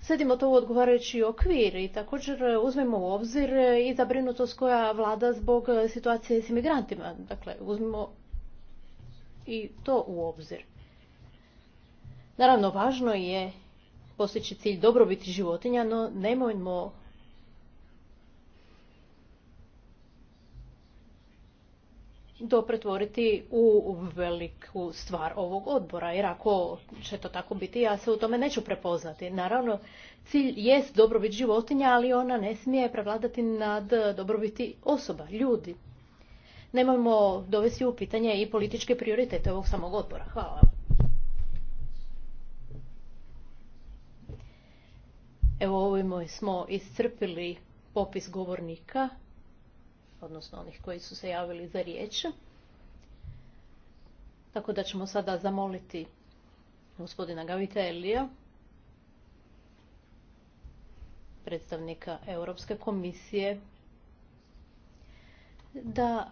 sedimo to u odgovarajući okvir i također uzmemo u obzir i zabrinutost koja vlada zbog situacije s imigrantima. Dakle, uzmimo i to u obzir. Naravno, važno je postići cilj dobrobiti životinja, no nemojmo to pretvoriti u veliku stvar ovog odbora, jer ako će to tako biti, ja se u tome neću prepoznati. Naravno, cilj jest dobrobit životinja, ali ona ne smije prevladati nad dobrobiti osoba, ljudi nemojmo dovesti u pitanje i političke prioritete ovog samog odbora. Hvala. Evo ovim smo iscrpili popis govornika, odnosno onih koji su se javili za riječ. Tako da ćemo sada zamoliti gospodina Gavita Elija, predstavnika Europske komisije, da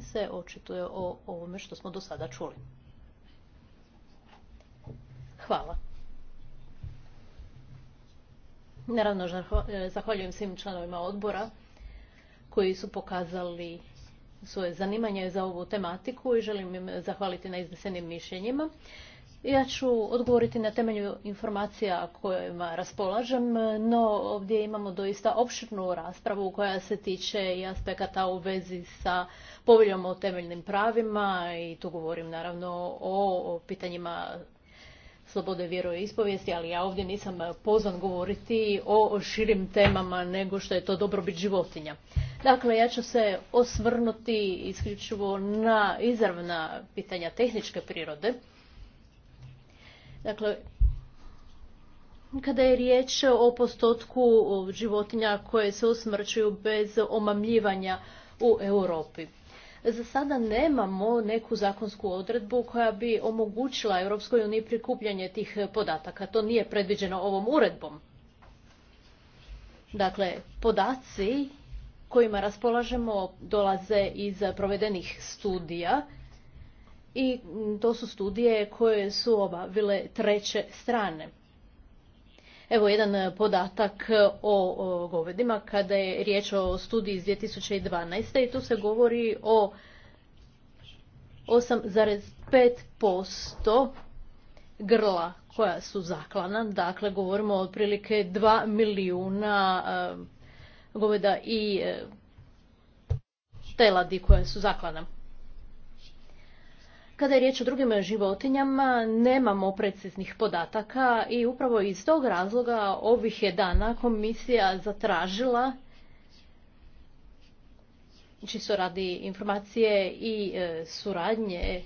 se očituje o ovome što smo do sada čuli. Hvala. Naravno, e, zahvaljujem svim članovima odbora koji su pokazali svoje zanimanje za ovu tematiku i želim im zahvaliti na iznesenim mišljenjima. Ja ću odgovoriti na temelju informacija kojima raspolažem, no ovdje imamo doista opširnu raspravu koja se tiče i aspekata u vezi sa poviljom o temeljnim pravima i tu govorim naravno o pitanjima slobode ispovijesti, ali ja ovdje nisam pozvan govoriti o širim temama nego što je to dobrobit životinja. Dakle, ja ću se osvrnuti isključivo na izravna pitanja tehničke prirode Dakle, kada je riječ o postotku životinja koje se usmrćuju bez omamljivanja u Europi. Za sada nemamo neku zakonsku odredbu koja bi omogućila Europskoj uniji prikupljanje tih podataka. To nije predviđeno ovom uredbom. Dakle, podaci kojima raspolažemo dolaze iz provedenih studija i mm, to su studije koje su obavile treće strane. Evo jedan e, podatak e, o govedima kada je riječ o studiji iz 2012. i tu se govori o 8,5% grla koja su zaklana, dakle govorimo o otprilike 2 milijuna e, goveda i teladi koja su zaklana. Kada je riječ o drugim životinjama, nemamo preciznih podataka i upravo iz tog razloga ovih je dana komisija zatražila čisto znači radi informacije i e, suradnje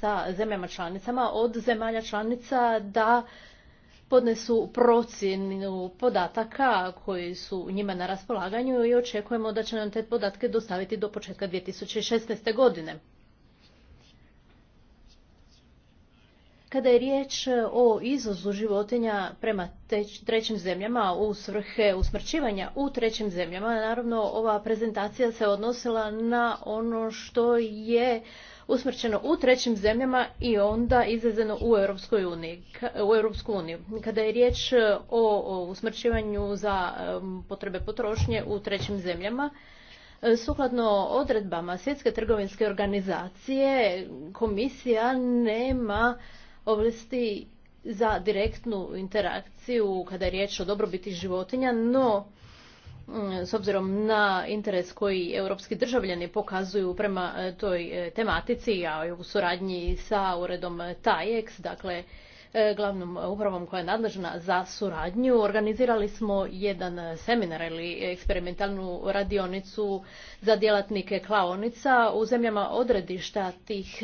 sa zemljama članicama od zemalja članica da podnesu procjenu podataka koji su njima na raspolaganju i očekujemo da će nam te podatke dostaviti do početka 2016. godine. Kada je riječ e, o izvozu životinja prema trećim zemljama u svrhe usmrćivanja u trećim zemljama, naravno ova prezentacija se odnosila na ono što je usmrćeno u trećim zemljama i onda izvezeno u Europskoj uniji, u Europsku uniju. Kada je riječ e, o usmrćivanju za e, potrebe potrošnje u trećim zemljama, Sukladno odredbama Svjetske trgovinske organizacije, komisija nema ovlasti za direktnu interakciju kada je riječ o dobrobiti životinja, no mm, s obzirom na interes koji europski državljani pokazuju prema e, toj e, tematici, a u suradnji sa uredom TAEX, dakle e, glavnom upravom koja je nadležna za suradnju. Organizirali smo jedan seminar ili eksperimentalnu radionicu za djelatnike klaonica u zemljama odredišta tih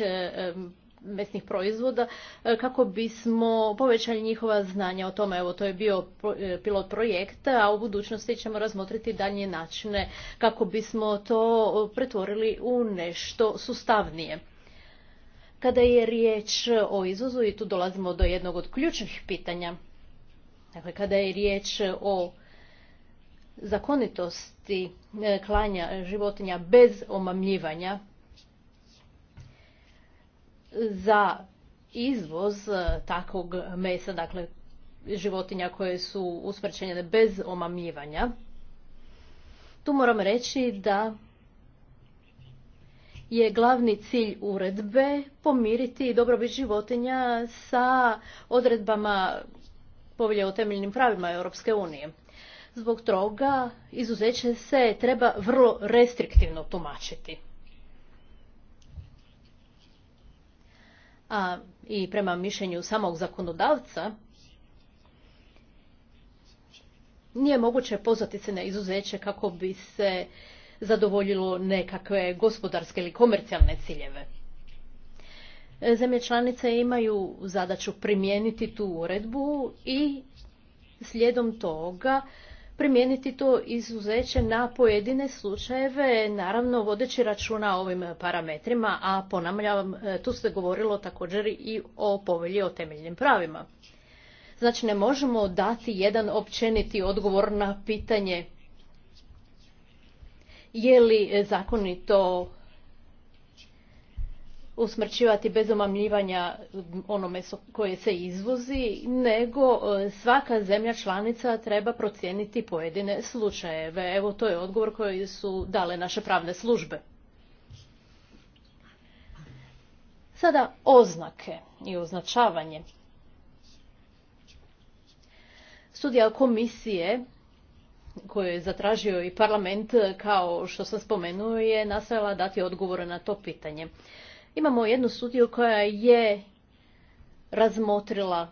mesnih proizvoda e, kako bismo povećali njihova znanja o tome. Evo, to je bio e, pilot projekt, a u budućnosti ćemo razmotriti dalje načine kako bismo to pretvorili u nešto sustavnije. Kada je riječ o izvozu, i tu dolazimo do jednog od ključnih pitanja, dakle, kada je riječ o zakonitosti e, klanja životinja bez omamljivanja, za izvoz e, takvog mesa, dakle životinja koje su usmrćene bez omamljivanja. Tu moram reći da je glavni cilj uredbe pomiriti dobrobit životinja sa odredbama povelje o temeljnim pravima Europske unije. Zbog toga izuzeće se treba vrlo restriktivno tumačiti. a i prema mišljenju samog zakonodavca, nije moguće pozvati se na izuzeće kako bi se zadovoljilo nekakve gospodarske ili komercijalne ciljeve. Zemlje članice imaju zadaću primijeniti tu uredbu i slijedom toga primijeniti to izuzeće na pojedine slučajeve, naravno vodeći računa o ovim parametrima, a ponavljam, e, tu se govorilo također i o povelji o temeljnim pravima. Znači ne možemo dati jedan općeniti odgovor na pitanje je li zakonito usmrćivati bez omamljivanja ono meso koje se izvozi, nego e, svaka zemlja članica treba procijeniti pojedine slučajeve. Evo to je odgovor koji su dale naše pravne službe. Sada oznake i označavanje. Studija komisije koju je zatražio i parlament, kao što sam spomenuo, je nastavila dati odgovore na to pitanje. Imamo jednu studiju koja je razmotrila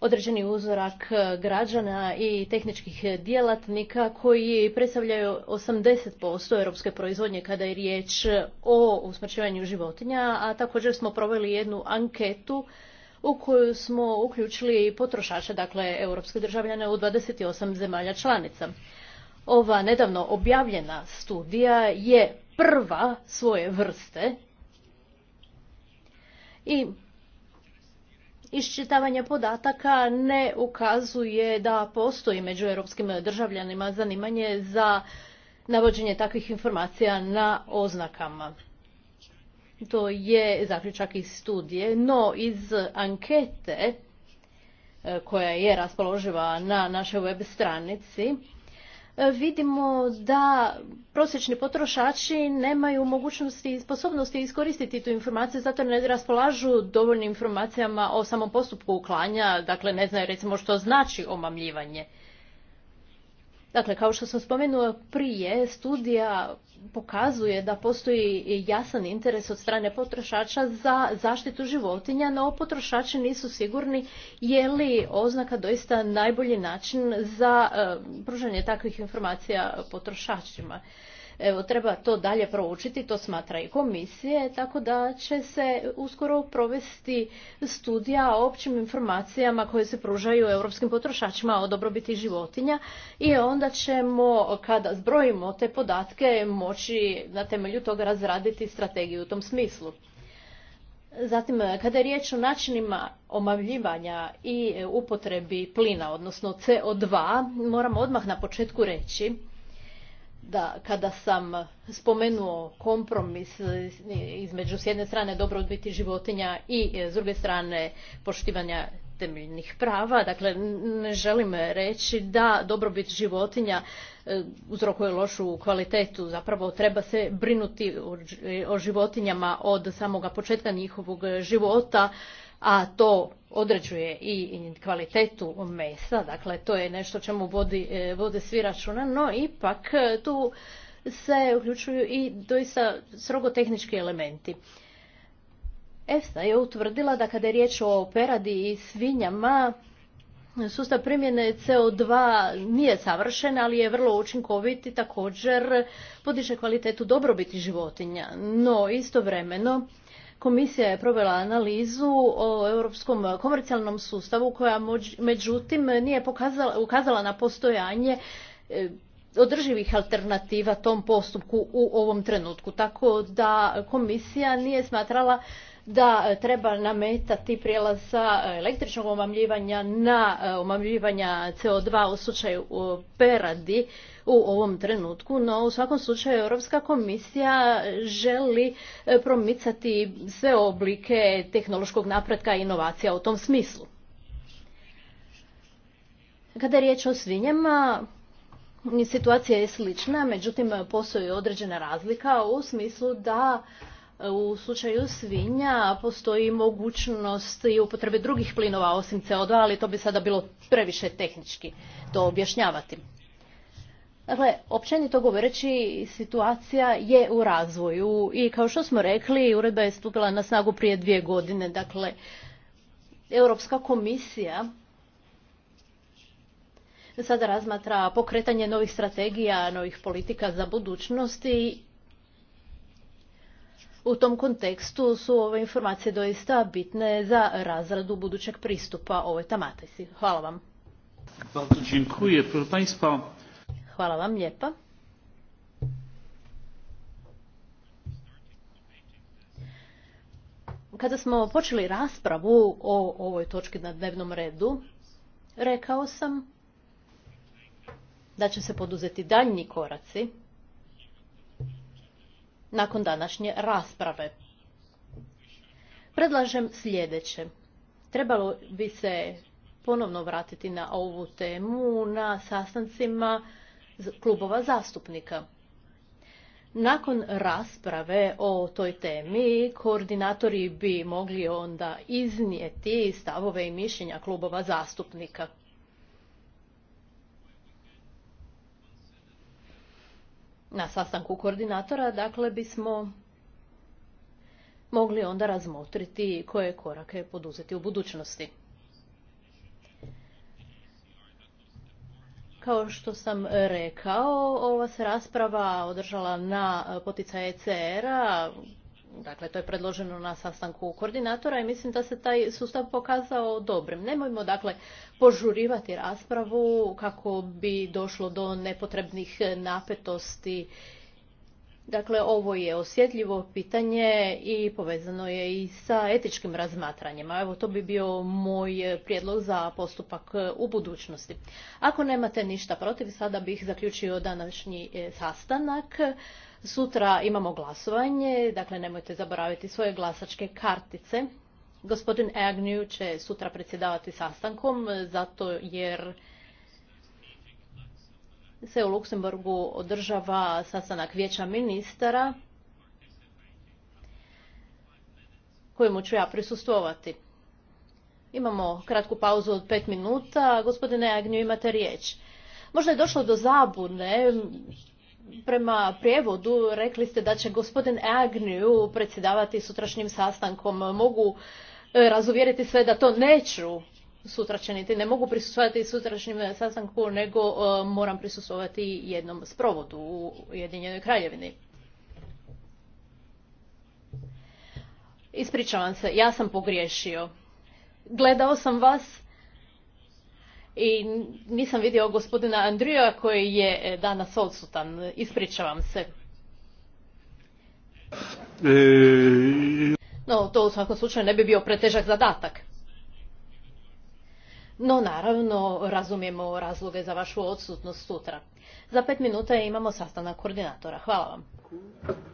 određeni uzorak građana i tehničkih djelatnika koji predstavljaju 80% europske proizvodnje kada je riječ o usmrćivanju životinja, a također smo proveli jednu anketu u koju smo uključili potrošače, dakle europske državljane u 28 zemalja članica. Ova nedavno objavljena studija je prva svoje vrste i iščitavanje podataka ne ukazuje da postoji među europskim državljanima zanimanje za navođenje takvih informacija na oznakama. To je zaključak iz studije, no iz ankete e, koja je raspoloživa na našoj web stranici E, vidimo da prosječni potrošači nemaju mogućnosti i sposobnosti iskoristiti tu informaciju zato ne raspolažu dovoljnim informacijama o samom postupku uklanja, dakle ne znaju recimo što znači omamljivanje. Dakle, kao što sam spomenula prije, studija pokazuje da postoji jasan interes od strane potrošača za zaštitu životinja, no potrošači nisu sigurni je li oznaka doista najbolji način za eh, pružanje takvih informacija potrošačima. Evo, treba to dalje proučiti, to smatra i komisije, tako da će se uskoro provesti studija o općim informacijama koje se pružaju europskim potrošačima o dobrobiti životinja i onda ćemo, kada zbrojimo te podatke, moći na temelju toga razraditi strategiju u tom smislu. Zatim, kada je riječ o načinima omavljivanja i upotrebi plina, odnosno CO2, moramo odmah na početku reći da kada sam spomenuo kompromis e, između s jedne strane dobrobiti životinja i e, s druge strane poštivanja temeljnih prava, dakle ne želim reći da dobrobit životinja e, uzrokuje lošu kvalitetu, zapravo treba se brinuti o životinjama od samoga početka njihovog života a to određuje i kvalitetu mesa, dakle to je nešto čemu e, vode svi računa, no ipak e, tu se uključuju i doista strogo tehnički elementi. EFSA je utvrdila da kada je riječ o peradi i svinjama, sustav primjene CO2 nije savršen, ali je vrlo učinkovit i također podiže kvalitetu dobrobiti životinja. No istovremeno Komisija je provela analizu o europskom komercijalnom sustavu koja međutim nije ukazala na postojanje e, održivih alternativa tom postupku u ovom trenutku. Tako da komisija nije smatrala da e, treba nametati prijelaz sa e, električnog omamljivanja na e, omamljivanja CO2 u slučaju peradi u ovom trenutku, no u svakom slučaju Europska komisija želi promicati sve oblike tehnološkog napretka i inovacija u tom smislu. Kada je riječ o svinjama, situacija je slična, međutim postoji određena razlika u smislu da u slučaju svinja postoji mogućnost i upotrebe drugih plinova osim CO2, ali to bi sada bilo previše tehnički to objašnjavati. Dakle, općenito govoreći, situacija je u razvoju i kao što smo rekli, uredba je stupila na snagu prije dvije godine. Dakle, Europska komisija sada razmatra pokretanje novih strategija, novih politika za budućnost i u tom kontekstu su ove informacije doista bitne za razradu budućeg pristupa ovoj tematici. Hvala vam. Hvala vam lijepa. Kada smo počeli raspravu o ovoj točki na dnevnom redu, rekao sam da će se poduzeti daljnji koraci nakon današnje rasprave. Predlažem sljedeće. Trebalo bi se ponovno vratiti na ovu temu na sastancima klubova zastupnika. Nakon rasprave o toj temi, koordinatori bi mogli onda iznijeti stavove i mišljenja klubova zastupnika. na sastanku koordinatora, dakle bismo mogli onda razmotriti koje korake poduzeti u budućnosti. Kao što sam rekao, ova se rasprava održala na poticaje ECR-a Dakle, to je predloženo na sastanku koordinatora i mislim da se taj sustav pokazao dobrim. Nemojmo, dakle, požurivati raspravu kako bi došlo do nepotrebnih napetosti Dakle, ovo je osjetljivo pitanje i povezano je i sa etičkim razmatranjima. Evo, to bi bio moj prijedlog za postupak u budućnosti. Ako nemate ništa protiv, sada bih zaključio današnji e, sastanak. Sutra imamo glasovanje, dakle nemojte zaboraviti svoje glasačke kartice. Gospodin Agnew će sutra predsjedavati sastankom, zato jer se u Luksemburgu održava sastanak vijeća ministara kojemu ću ja prisustovati. Imamo kratku pauzu od pet minuta. Gospodine Agnju, imate riječ. Možda je došlo do zabune. Prema prijevodu rekli ste da će gospodin Agnju predsjedavati sutrašnjim sastankom. Mogu e, razuvjeriti sve da to neću će niti ne mogu prisustvovati sutrašnjem sastanku, nego e, moram prisustvovati jednom sprovodu u Ujedinjenoj kraljevini. Ispričavam se, ja sam pogriješio. Gledao sam vas i nisam vidio gospodina Andrija koji je e, danas odsutan. Ispričavam se. E, no, to u svakom slučaju ne bi bio pretežak zadatak. No naravno razumijemo razloge za vašu odsutnost sutra. Za pet minuta imamo sastanak koordinatora. Hvala vam.